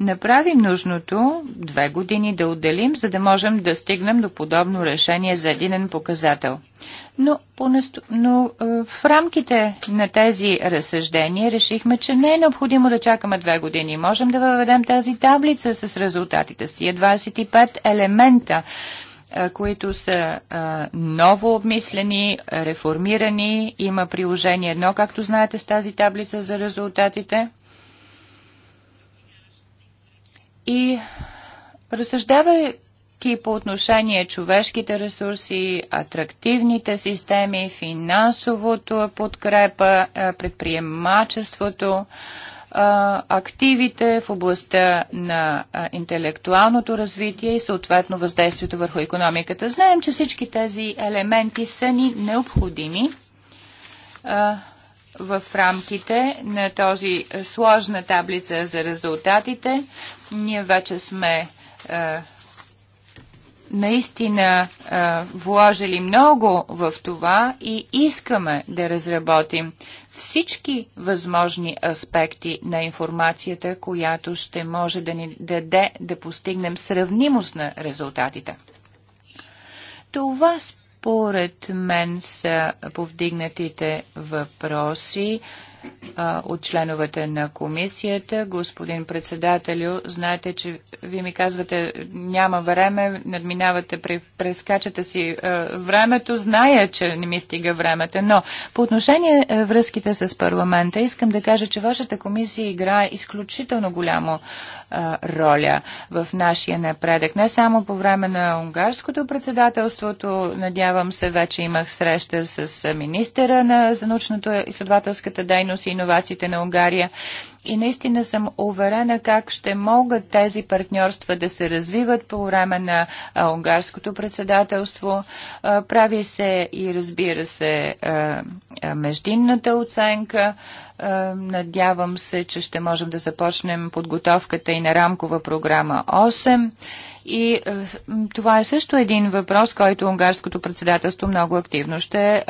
направим нужното две години да отделим, за да можем да стигнем до подобно решение за единен показател. Но, понесто... Но е, в рамките на тези разсъждения решихме, че не е необходимо да чакаме две години. Можем да въведем тази таблица с резултатите с тия 25 елемента, които са ново обмислени, реформирани. Има приложение едно, както знаете, с тази таблица за резултатите. И разсъждавайки по отношение човешките ресурси, атрактивните системи, финансовото подкрепа, предприемачеството, активите в областта на интелектуалното развитие и съответно въздействието върху економиката. Знаем, че всички тези елементи са ни необходими в рамките на този сложна таблица за резултатите. Ние вече сме наистина вложили много в това и искаме да разработим всички възможни аспекти на информацията, която ще може да ни даде да постигнем сравнимост на резултатите. Това според мен са повдигнатите въпроси от членовете на комисията. Господин председателю, знаете, че вие ми казвате няма време, надминавате, прескачате си времето. Зная, че не ми стига времето, но по отношение връзките с парламента, искам да кажа, че вашата комисия играе изключително голямо роля в нашия напредък. Не само по време на унгарското председателството, надявам се, вече имах среща с министера на за научното изследователската дейност и иновациите на Унгария и наистина съм уверена как ще могат тези партньорства да се развиват по време на унгарското председателство. прави се и разбира се междинната оценка. Е, надявам се, че ще можем да започнем подготовката и на рамкова програма 8 и е, това е също един въпрос, който унгарското председателство много активно ще е,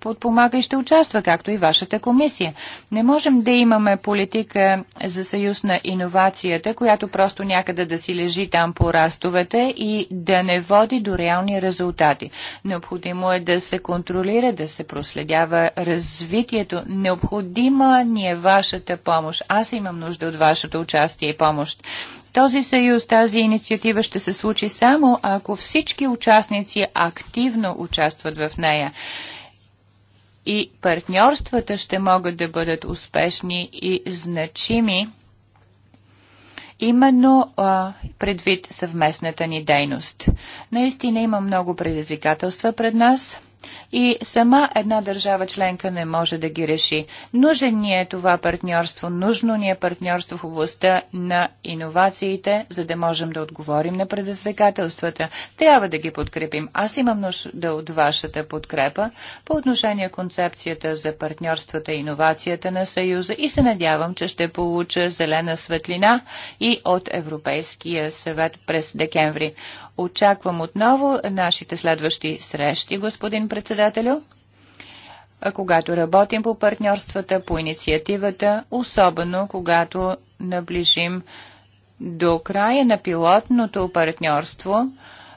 подпомага и ще участва, както и вашата комисия. Не можем да имаме политика за съюз на иновацията, която просто някъде да си лежи там по растовете и да не води до реални резултати. Необходимо е да се контролира, да се проследява развитието. Необходима ни е вашата помощ. Аз имам нужда от вашето участие и помощ. Този съюз, тази инициатива ще се случи само ако всички участници активно участват в нея. И партньорствата ще могат да бъдат успешни и значими именно а, предвид съвместната ни дейност. Наистина има много предизвикателства пред нас – и сама една държава членка не може да ги реши. Нужен ни е това партньорство, нужно ни е партньорство в областта на иновациите, за да можем да отговорим на предизвикателствата. Трябва да ги подкрепим. Аз имам нужда от вашата подкрепа по отношение концепцията за партньорствата и иновацията на Съюза и се надявам, че ще получа зелена светлина и от Европейския съвет през декември. Очаквам отново нашите следващи срещи, господин председателю, когато работим по партньорствата, по инициативата, особено когато наближим до края на пилотното партньорство,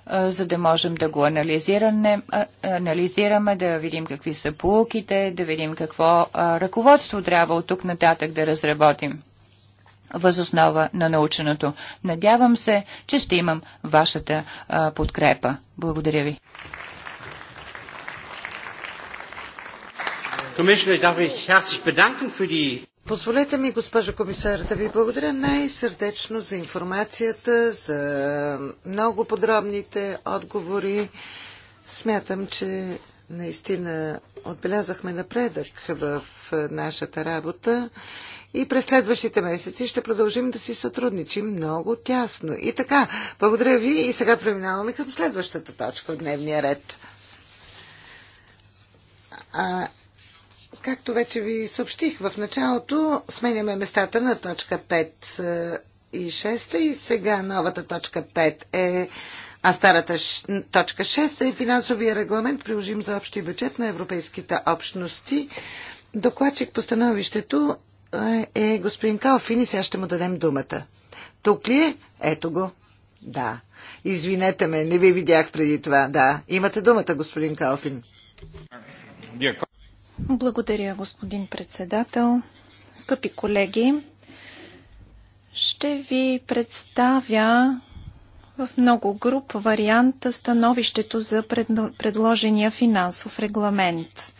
за да можем да го анализираме, анализираме, да видим какви са полуките, да видим какво ръководство трябва от тук нататък да разработим възоснова на наученото. Надявам се, че ще имам вашата а, подкрепа. Благодаря ви. Позволете ми, госпожо комисар, да ви благодаря най-сърдечно за информацията, за много подробните отговори. Смятам, че наистина отбелязахме напредък в нашата работа и през следващите месеци ще продължим да си сътрудничим много тясно. И така, благодаря ви и сега преминаваме към следващата точка от дневния ред. А, както вече ви съобщих в началото, сменяме местата на точка 5 и 6 и сега новата точка 5 е а старата точка 6 е финансовия регламент, приложим за общия бюджет на европейските общности. Докладчик по становището е господин Калфин и сега ще му дадем думата. Тук ли е? Ето го. Да. Извинете ме, не ви видях преди това. Да. Имате думата, господин Калфин. Благодаря, господин председател. Скъпи колеги, ще ви представя в много груп вариант становището за предложения финансов регламент.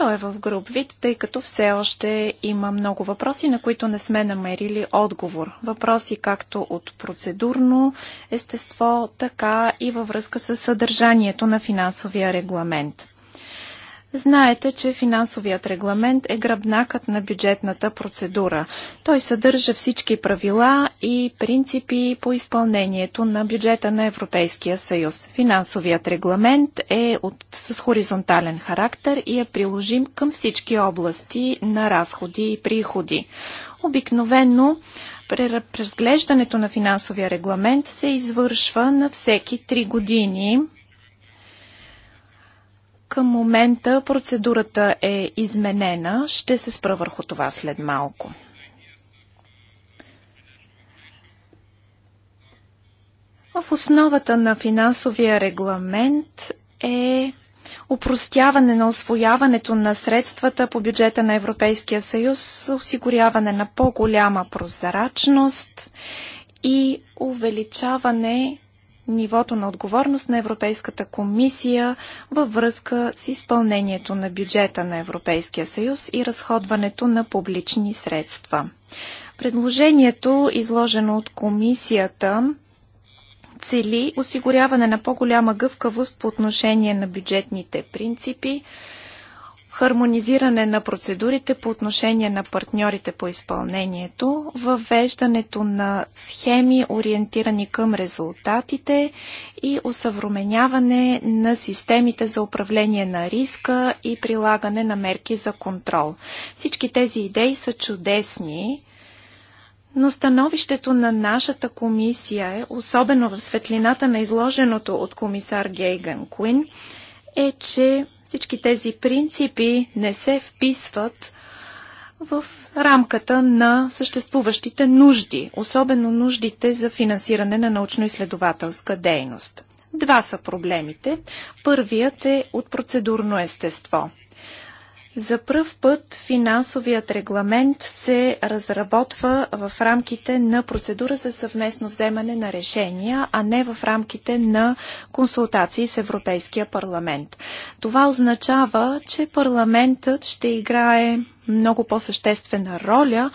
Той е в груп вид, тъй като все още има много въпроси, на които не сме намерили отговор. Въпроси както от процедурно естество, така и във връзка с съдържанието на финансовия регламент. Знаете, че финансовият регламент е гръбнакът на бюджетната процедура. Той съдържа всички правила и принципи по изпълнението на бюджета на Европейския съюз. Финансовият регламент е от, с хоризонтален характер и е приложим към всички области на разходи и приходи. Обикновено преразглеждането на финансовия регламент се извършва на всеки три години – към момента процедурата е изменена. Ще се спра върху това след малко. В основата на финансовия регламент е упростяване на освояването на средствата по бюджета на Европейския съюз, осигуряване на по-голяма прозрачност и увеличаване нивото на отговорност на Европейската комисия във връзка с изпълнението на бюджета на Европейския съюз и разходването на публични средства. Предложението, изложено от комисията, цели осигуряване на по-голяма гъвкавост по отношение на бюджетните принципи, хармонизиране на процедурите по отношение на партньорите по изпълнението, въвеждането на схеми, ориентирани към резултатите и усъвременяване на системите за управление на риска и прилагане на мерки за контрол. Всички тези идеи са чудесни. Но становището на нашата комисия е, особено в светлината на изложеното от комисар Гейган Куин, е, че всички тези принципи не се вписват в рамката на съществуващите нужди, особено нуждите за финансиране на научно-изследователска дейност. Два са проблемите. Първият е от процедурно естество. За пръв път финансовият регламент се разработва в рамките на процедура за съвместно вземане на решения, а не в рамките на консултации с Европейския парламент. Това означава, че парламентът ще играе много по-съществена роля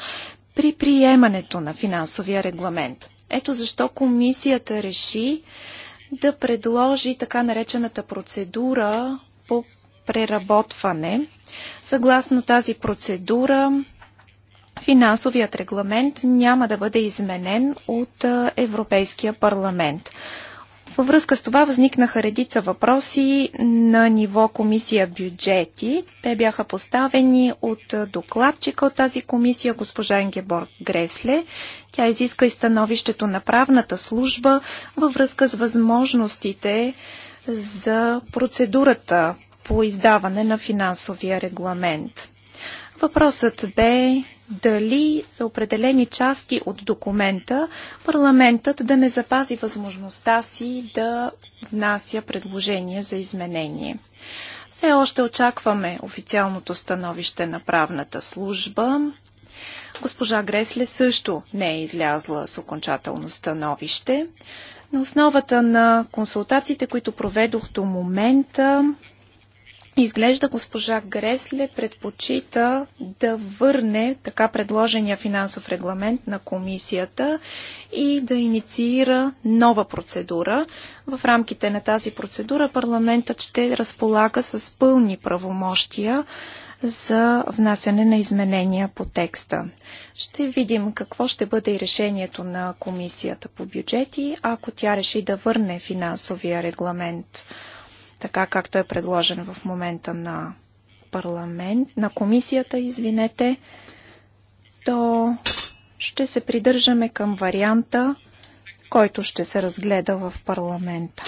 при приемането на финансовия регламент. Ето защо комисията реши да предложи така наречената процедура по преработване. Съгласно тази процедура, финансовият регламент няма да бъде изменен от Европейския парламент. Във връзка с това възникнаха редица въпроси на ниво комисия бюджети. Те бяха поставени от докладчика от тази комисия, госпожа Енгеборг Гресле. Тя изиска и становището на правната служба във връзка с възможностите за процедурата по издаване на финансовия регламент. Въпросът бе дали за определени части от документа парламентът да не запази възможността си да внася предложения за изменение. Все още очакваме официалното становище на правната служба. Госпожа Гресле също не е излязла с окончателно становище. На основата на консултациите, които проведох до момента, Изглежда госпожа Гресле предпочита да върне така предложения финансов регламент на комисията и да инициира нова процедура. В рамките на тази процедура парламентът ще разполага с пълни правомощия за внасяне на изменения по текста. Ще видим какво ще бъде и решението на комисията по бюджети, ако тя реши да върне финансовия регламент така както е предложен в момента на парламент, на комисията, извинете, то ще се придържаме към варианта, който ще се разгледа в парламента.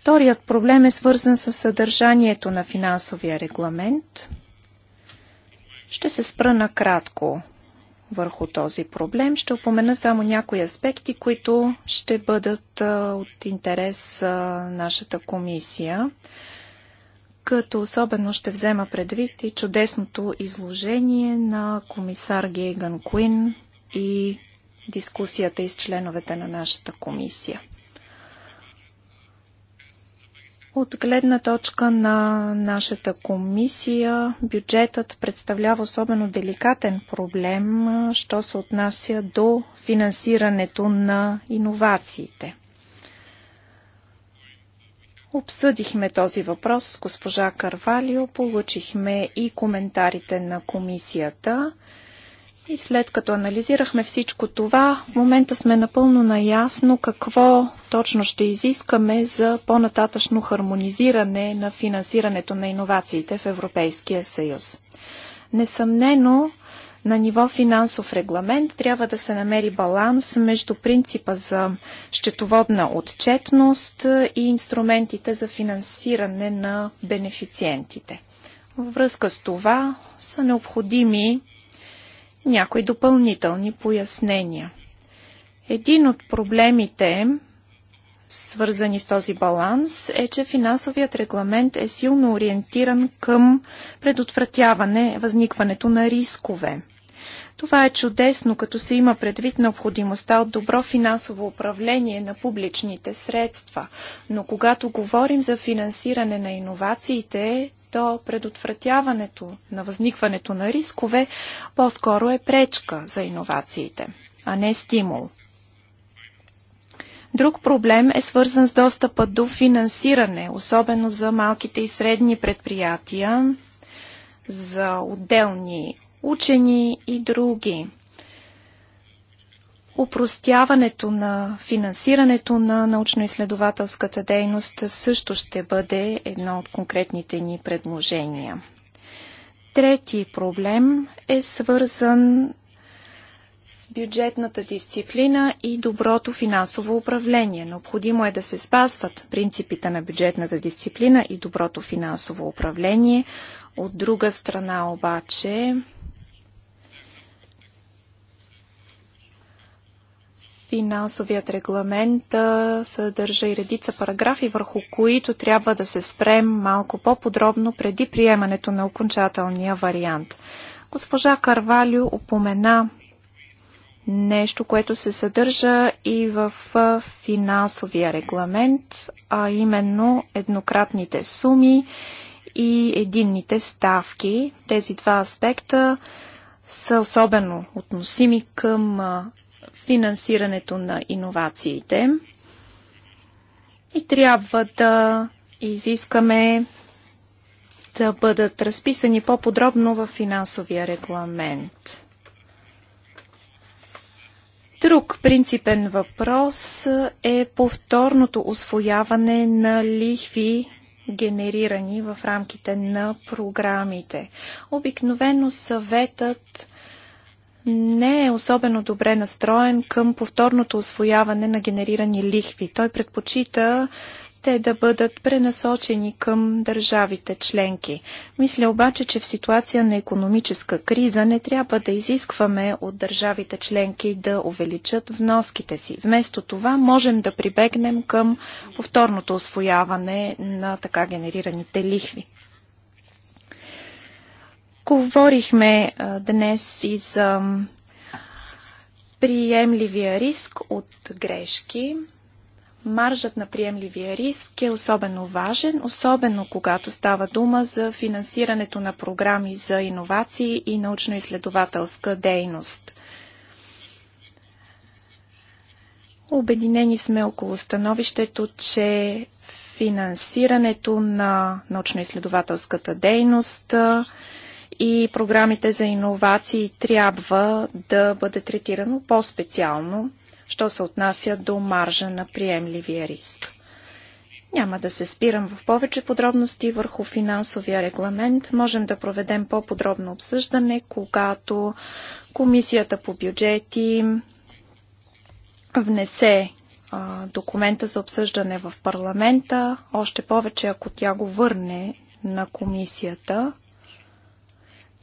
Вторият проблем е свързан с съдържанието на финансовия регламент. Ще се спра накратко върху този проблем. Ще опомена само някои аспекти, които ще бъдат от интерес нашата комисия като особено ще взема предвид и чудесното изложение на комисар Гейган Куин и дискусията из членовете на нашата комисия. От гледна точка на нашата комисия, бюджетът представлява особено деликатен проблем, що се отнася до финансирането на иновациите. Обсъдихме този въпрос с госпожа Карвалио, получихме и коментарите на комисията. И след като анализирахме всичко това, в момента сме напълно наясно какво точно ще изискаме за по-нататъчно хармонизиране на финансирането на иновациите в Европейския съюз. Несъмнено, на ниво финансов регламент трябва да се намери баланс между принципа за счетоводна отчетност и инструментите за финансиране на бенефициентите. Във връзка с това са необходими някои допълнителни пояснения. Един от проблемите, свързани с този баланс, е, че финансовият регламент е силно ориентиран към предотвратяване възникването на рискове – това е чудесно, като се има предвид необходимостта от добро финансово управление на публичните средства. Но когато говорим за финансиране на иновациите, то предотвратяването на възникването на рискове по-скоро е пречка за иновациите, а не стимул. Друг проблем е свързан с достъпа до финансиране, особено за малките и средни предприятия, за отделни учени и други. Упростяването на финансирането на научно-изследователската дейност също ще бъде едно от конкретните ни предложения. Трети проблем е свързан с бюджетната дисциплина и доброто финансово управление. Необходимо е да се спазват принципите на бюджетната дисциплина и доброто финансово управление. От друга страна обаче Финансовият регламент съдържа и редица параграфи, върху които трябва да се спрем малко по-подробно преди приемането на окончателния вариант. Госпожа Карвалю упомена нещо, което се съдържа и в финансовия регламент, а именно еднократните суми и единните ставки. Тези два аспекта са особено относими към финансирането на иновациите и трябва да изискаме да бъдат разписани по-подробно в финансовия регламент. Друг принципен въпрос е повторното освояване на лихви, генерирани в рамките на програмите. Обикновено съветът не е особено добре настроен към повторното освояване на генерирани лихви. Той предпочита те да бъдат пренасочени към държавите членки. Мисля обаче, че в ситуация на економическа криза не трябва да изискваме от държавите членки да увеличат вноските си. Вместо това можем да прибегнем към повторното освояване на така генерираните лихви. Говорихме а, днес и за приемливия риск от грешки. Маржът на приемливия риск е особено важен, особено когато става дума за финансирането на програми за иновации и научно-изследователска дейност. Обединени сме около становището, че финансирането на научно-изследователската дейност и програмите за иновации трябва да бъде третирано по-специално, що се отнася до маржа на приемливия риск. Няма да се спирам в повече подробности върху финансовия регламент. Можем да проведем по-подробно обсъждане, когато Комисията по бюджети внесе а, документа за обсъждане в парламента, още повече ако тя го върне на комисията.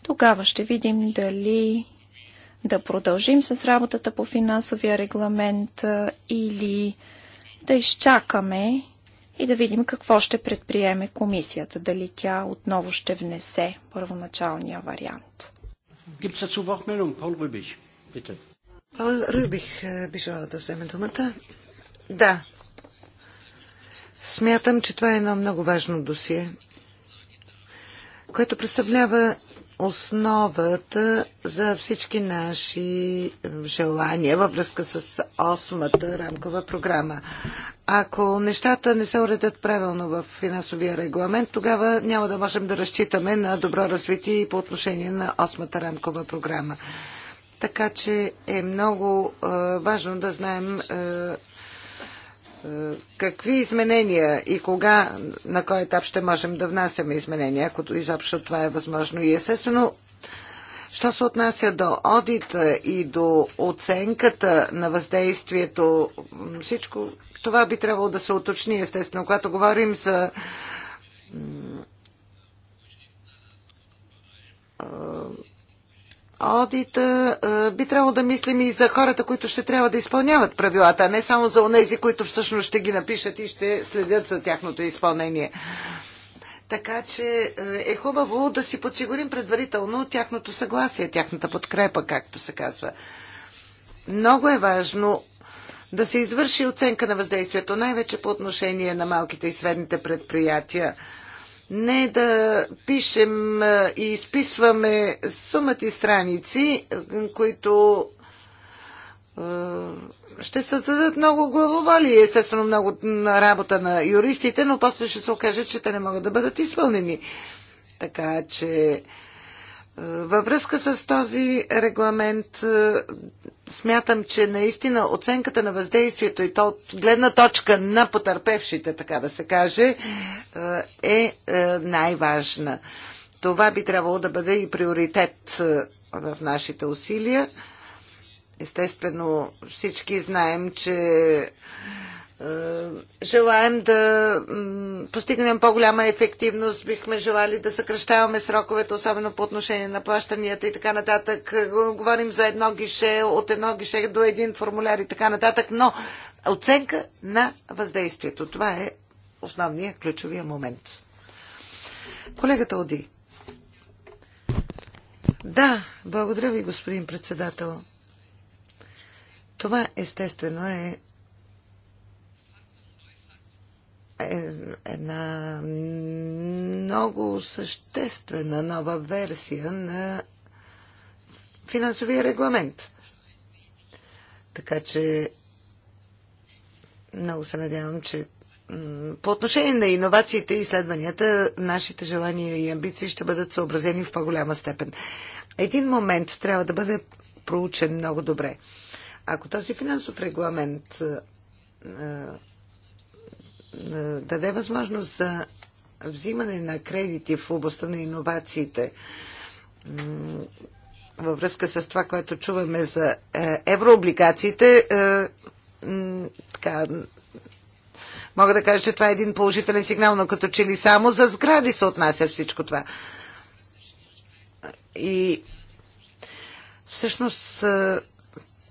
Тогава ще видим дали да продължим с работата по финансовия регламент или да изчакаме и да видим какво ще предприеме комисията, дали тя отново ще внесе първоначалния вариант. Е Пол Рубих е, би желал да вземе думата. Да. Смятам, че това е едно много важно досие, което представлява основата за всички наши желания във връзка с осмата рамкова програма. Ако нещата не се уредят правилно в финансовия регламент, тогава няма да можем да разчитаме на добро развитие и по отношение на осмата рамкова програма. Така че е много е, важно да знаем е, е, какви изменения и кога, на кой етап ще можем да внасяме изменения, ако изобщо това е възможно. И естествено, що се отнася до одита и до оценката на въздействието, всичко това би трябвало да се уточни, естествено. Когато говорим за одита, би трябвало да мислим и за хората, които ще трябва да изпълняват правилата, а не само за онези, които всъщност ще ги напишат и ще следят за тяхното изпълнение. Така че е хубаво да си подсигурим предварително тяхното съгласие, тяхната подкрепа, както се казва. Много е важно да се извърши оценка на въздействието, най-вече по отношение на малките и средните предприятия не да пишем и изписваме сумати страници, които ще създадат много главоволи и естествено много работа на юристите, но после ще се окаже, че те не могат да бъдат изпълнени. Така че във връзка с този регламент е, смятам, че наистина оценката на въздействието и то от гледна точка на потърпевшите, така да се каже, е, е, е най-важна. Това би трябвало да бъде и приоритет в нашите усилия. Естествено, всички знаем, че е, желаем да постигнем по-голяма ефективност, бихме желали да съкръщаваме сроковете, особено по отношение на плащанията и така нататък. Е, говорим за едно гише, от едно гише до един формуляр и така нататък, но оценка на въздействието. Това е основния ключовия момент. Колегата Оди. Да, благодаря ви, господин председател. Това естествено е Е една много съществена нова версия на финансовия регламент. Така че много се надявам, че по отношение на иновациите и изследванията, нашите желания и амбиции ще бъдат съобразени в по-голяма степен. Един момент трябва да бъде проучен много добре. Ако този финансов регламент е, даде възможност за взимане на кредити в областта на иновациите във връзка с това, което чуваме за е, еврооблигациите, е, така, мога да кажа, че това е един положителен сигнал, но като че ли само за сгради се отнася всичко това. И всъщност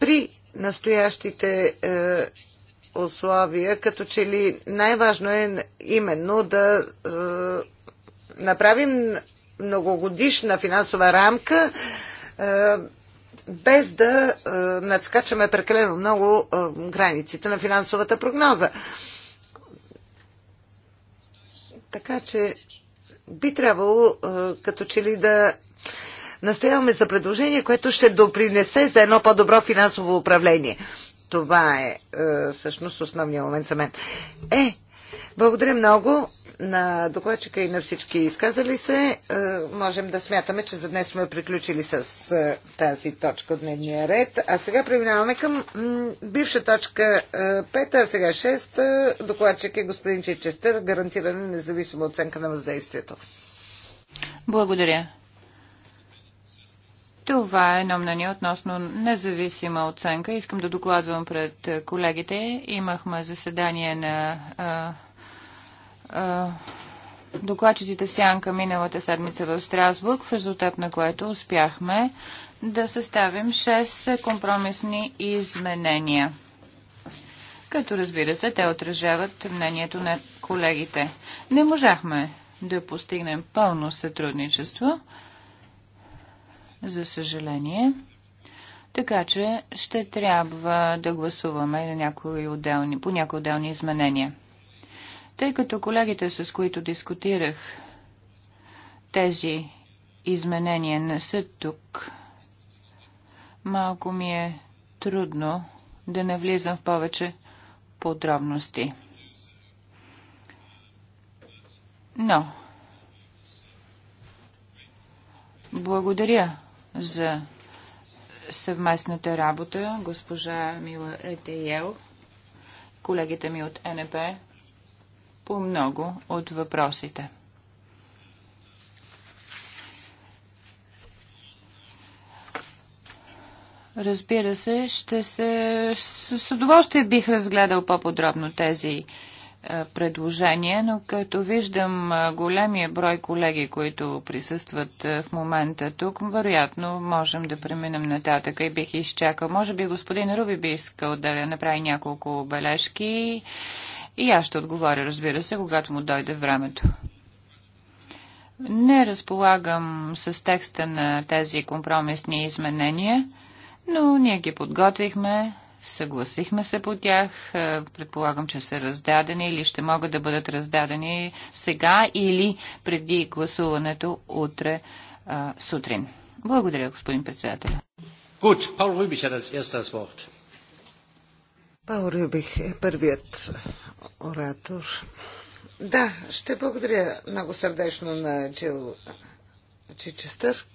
при настоящите условия, като че ли най-важно е именно да е, направим многогодишна финансова рамка, е, без да е, надскачаме прекалено много е, границите на финансовата прогноза. Така че би трябвало е, като че ли да настояваме за предложение, което ще допринесе за едно по-добро финансово управление. Това е, е, всъщност основният момент за мен. Е, благодаря много на докладчика и на всички изказали се. Е, можем да смятаме, че за днес сме приключили с е, тази точка от дневния ред. А сега преминаваме към бивша точка 5, а сега 6. Докладчик е господин Чичестър, гарантиране независима оценка на въздействието. Благодаря. Това е мнение относно независима оценка. Искам да докладвам пред е, колегите. Имахме заседание на а, а, докладчиците в Сянка миналата седмица в Страсбург, в резултат на което успяхме да съставим 6 компромисни изменения. Като разбира се, те отражават мнението на колегите. Не можахме да постигнем пълно сътрудничество за съжаление. Така че ще трябва да гласуваме на някои отделни, по някои отделни изменения. Тъй като колегите, с които дискутирах тези изменения, не са тук, малко ми е трудно да не влизам в повече подробности. Но, благодаря за съвместната работа, госпожа Мила Ретеел, колегите ми от НП, по много от въпросите. Разбира се, ще се... С удоволствие бих разгледал по-подробно тези е, предложение, но като виждам е, големия брой колеги, които присъстват е, в момента тук, вероятно можем да преминем нататък и бих изчакал. Може би господин Руби би искал да направи няколко бележки и аз ще отговоря, разбира се, когато му дойде времето. Не разполагам с текста на тези компромисни изменения, но ние ги подготвихме Съгласихме се по тях. Е, предполагам, че са раздадени или ще могат да бъдат раздадени сега или преди гласуването утре а, е, сутрин. Благодаря, господин председател. Гуд, Паул Rübig е als erster das Wort. Рюбих е първият оратор. Да, ще благодаря много сърдечно на Джил Чичестър.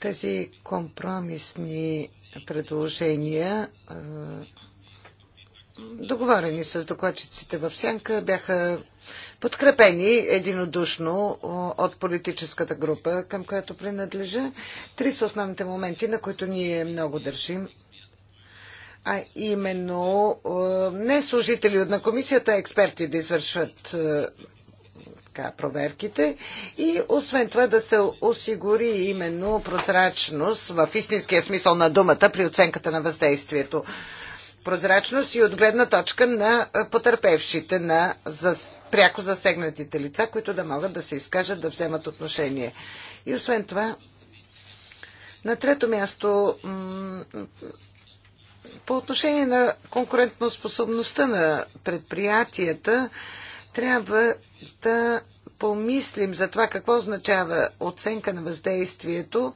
Тези компромисни предложения, е, договорени с докладчиците в Сянка, бяха подкрепени единодушно от политическата група, към която принадлежа. Три са основните моменти, на които ние много държим а именно не служители от на комисията, а експерти да извършват е, така, проверките и освен това да се осигури именно прозрачност в истинския смисъл на думата при оценката на въздействието. Прозрачност и от гледна точка на потерпевшите, на зас... пряко засегнатите лица, които да могат да се изкажат, да вземат отношение. И освен това, на трето място, по отношение на конкурентоспособността на предприятията, трябва да помислим за това какво означава оценка на въздействието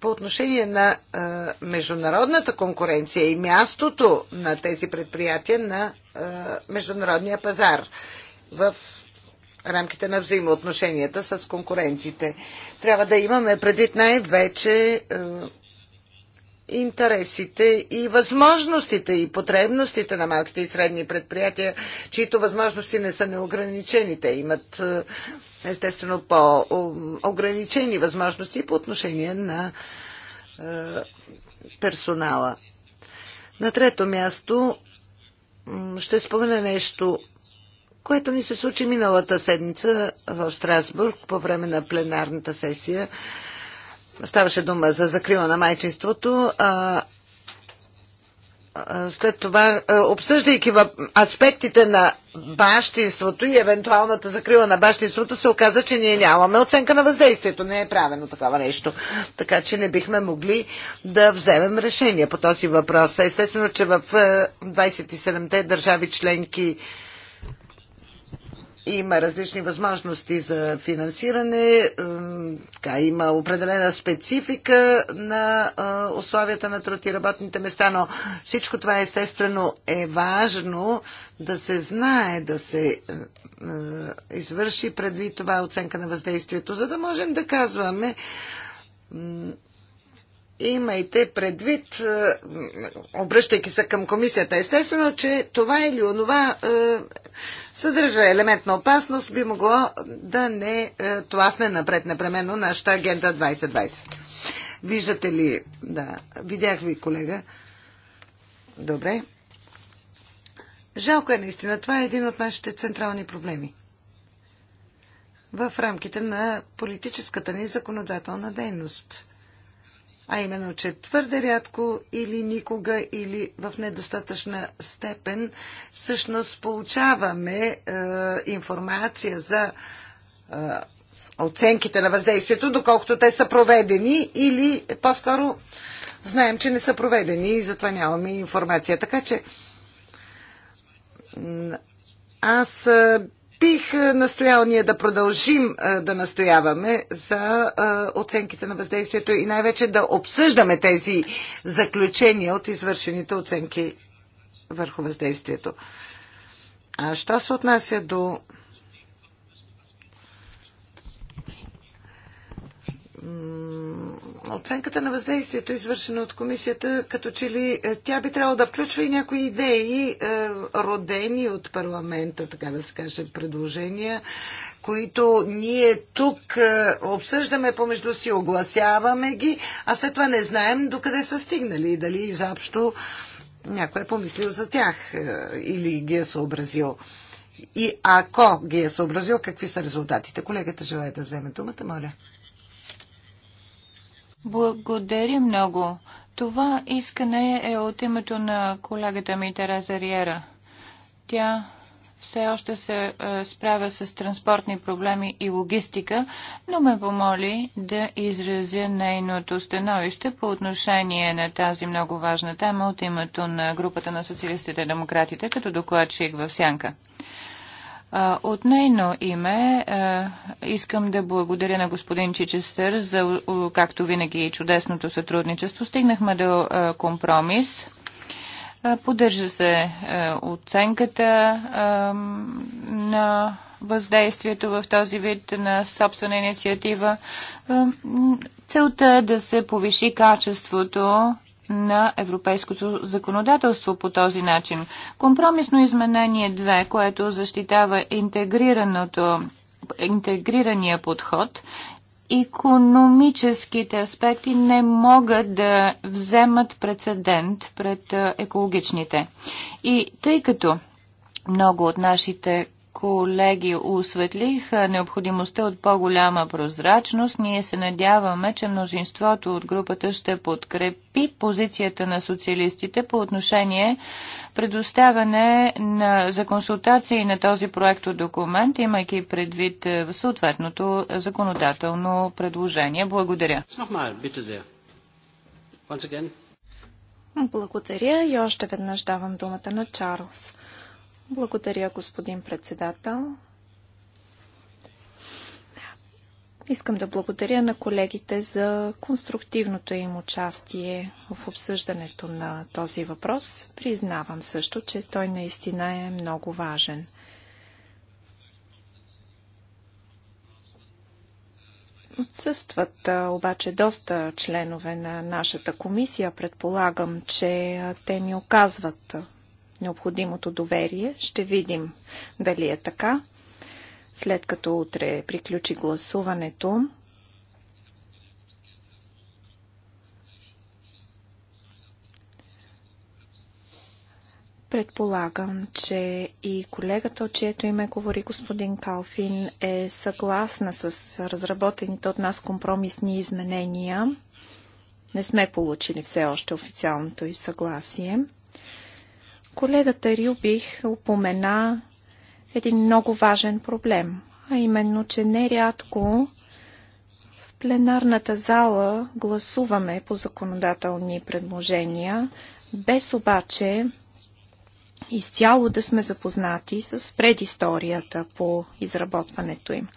по отношение на а, международната конкуренция и мястото на тези предприятия на а, международния пазар в рамките на взаимоотношенията с конкуренците. Трябва да имаме предвид най-вече интересите и възможностите и потребностите на малките и средни предприятия, чието възможности не са неограничени. Те имат е, естествено по-ограничени възможности по отношение на е, персонала. На трето място ще спомена нещо, което ни се случи миналата седмица в Страсбург по време на пленарната сесия Ставаше дума за закрила на майчинството. А, след това, обсъждайки аспектите на бащинството и евентуалната закрила на бащинството, се оказа, че ние нямаме оценка на въздействието. Не е правено такова нещо. Така че не бихме могли да вземем решение по този въпрос. Естествено, че в 27-те е, държави членки има различни възможности за финансиране, така, има определена специфика на условията на труд и работните места, но всичко това естествено е важно да се знае, да се извърши преди това оценка на въздействието, за да можем да казваме имайте предвид, е, обръщайки се към комисията, естествено, че това или онова е, съдържа елемент на опасност, би могло да не е, тласне напред непременно нашата Агента 2020. Виждате ли, да, видях ви, колега. Добре. Жалко е наистина. Това е един от нашите централни проблеми в рамките на политическата ни законодателна дейност а именно, че твърде рядко или никога или в недостатъчна степен всъщност получаваме е, информация за е, оценките на въздействието, доколкото те са проведени или по-скоро знаем, че не са проведени и затова нямаме информация. Така че аз е, бих е, настоял ние да продължим е, да настояваме за е, оценките на въздействието и най-вече да обсъждаме тези заключения от извършените оценки върху въздействието. А що се отнася до оценката на въздействието, извършено от комисията, като че ли е, тя би трябвало да включва и някои идеи, е, родени от парламента, така да се каже, предложения, които ние тук е, обсъждаме помежду си, огласяваме ги, а след това не знаем докъде са стигнали и дали изобщо някой е помислил за тях или ги е съобразил. И ако ги е съобразил, какви са резултатите? Колегата желая да вземе думата, моля. Благодаря много. Това искане е от името на колегата ми Тереза Риера. Тя все още се е, справя с транспортни проблеми и логистика, но ме помоли да изразя нейното становище по отношение на тази много важна тема от името на групата на социалистите и демократите като докладчик в Сянка. От нейно име искам да благодаря на господин Чичестър за, както винаги, чудесното сътрудничество. Стигнахме до компромис. Поддържа се оценката на въздействието в този вид на собствена инициатива. Целта е да се повиши качеството на европейското законодателство по този начин. Компромисно изменение 2, което защитава интегрираното, интегрирания подход, економическите аспекти не могат да вземат прецедент пред екологичните. И тъй като много от нашите колеги осветлих необходимостта от по-голяма прозрачност. Ние се надяваме, че мнозинството от групата ще подкрепи позицията на социалистите по отношение предоставяне на, за консултации на този проект от документ, имайки предвид е, съответното законодателно предложение. Благодаря. Благодаря и още веднъж давам думата на Чарлз. Благодаря, господин председател. Искам да благодаря на колегите за конструктивното им участие в обсъждането на този въпрос. Признавам също, че той наистина е много важен. Отсъстват обаче доста членове на нашата комисия. Предполагам, че те ми оказват необходимото доверие. Ще видим дали е така. След като утре приключи гласуването, Предполагам, че и колегата, от чието име говори господин Калфин, е съгласна с разработените от нас компромисни изменения. Не сме получили все още официалното и съгласие. Колегата Рюбих упомена един много важен проблем, а именно, че нерядко в пленарната зала гласуваме по законодателни предложения, без обаче изцяло да сме запознати с предисторията по изработването им.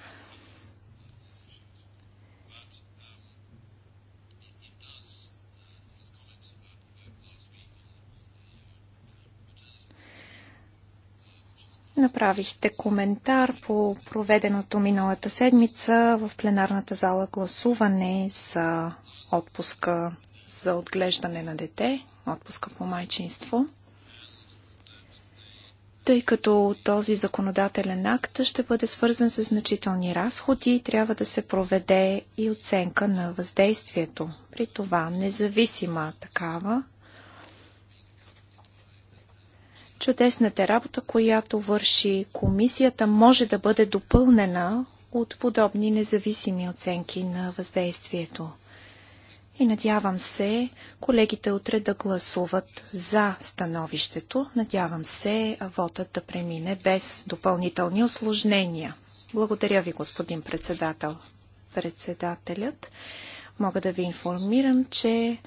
Направихте коментар по проведеното миналата седмица в пленарната зала гласуване за отпуска за отглеждане на дете, отпуска по майчинство. Тъй като този законодателен акт ще бъде свързан с значителни разходи, трябва да се проведе и оценка на въздействието. При това независима такава, Чудесната работа, която върши комисията, може да бъде допълнена от подобни независими оценки на въздействието. И надявам се колегите утре да гласуват за становището. Надявам се вотът да премине без допълнителни осложнения. Благодаря ви, господин председател. Председателят, мога да ви информирам, че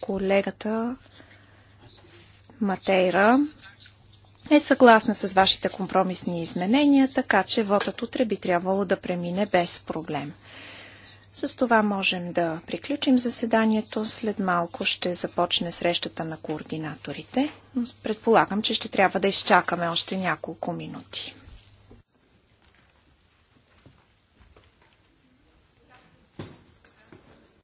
колегата Матейра е съгласна с вашите компромисни изменения, така че вотът утре би трябвало да премине без проблем. С това можем да приключим заседанието. След малко ще започне срещата на координаторите. Предполагам, че ще трябва да изчакаме още няколко минути.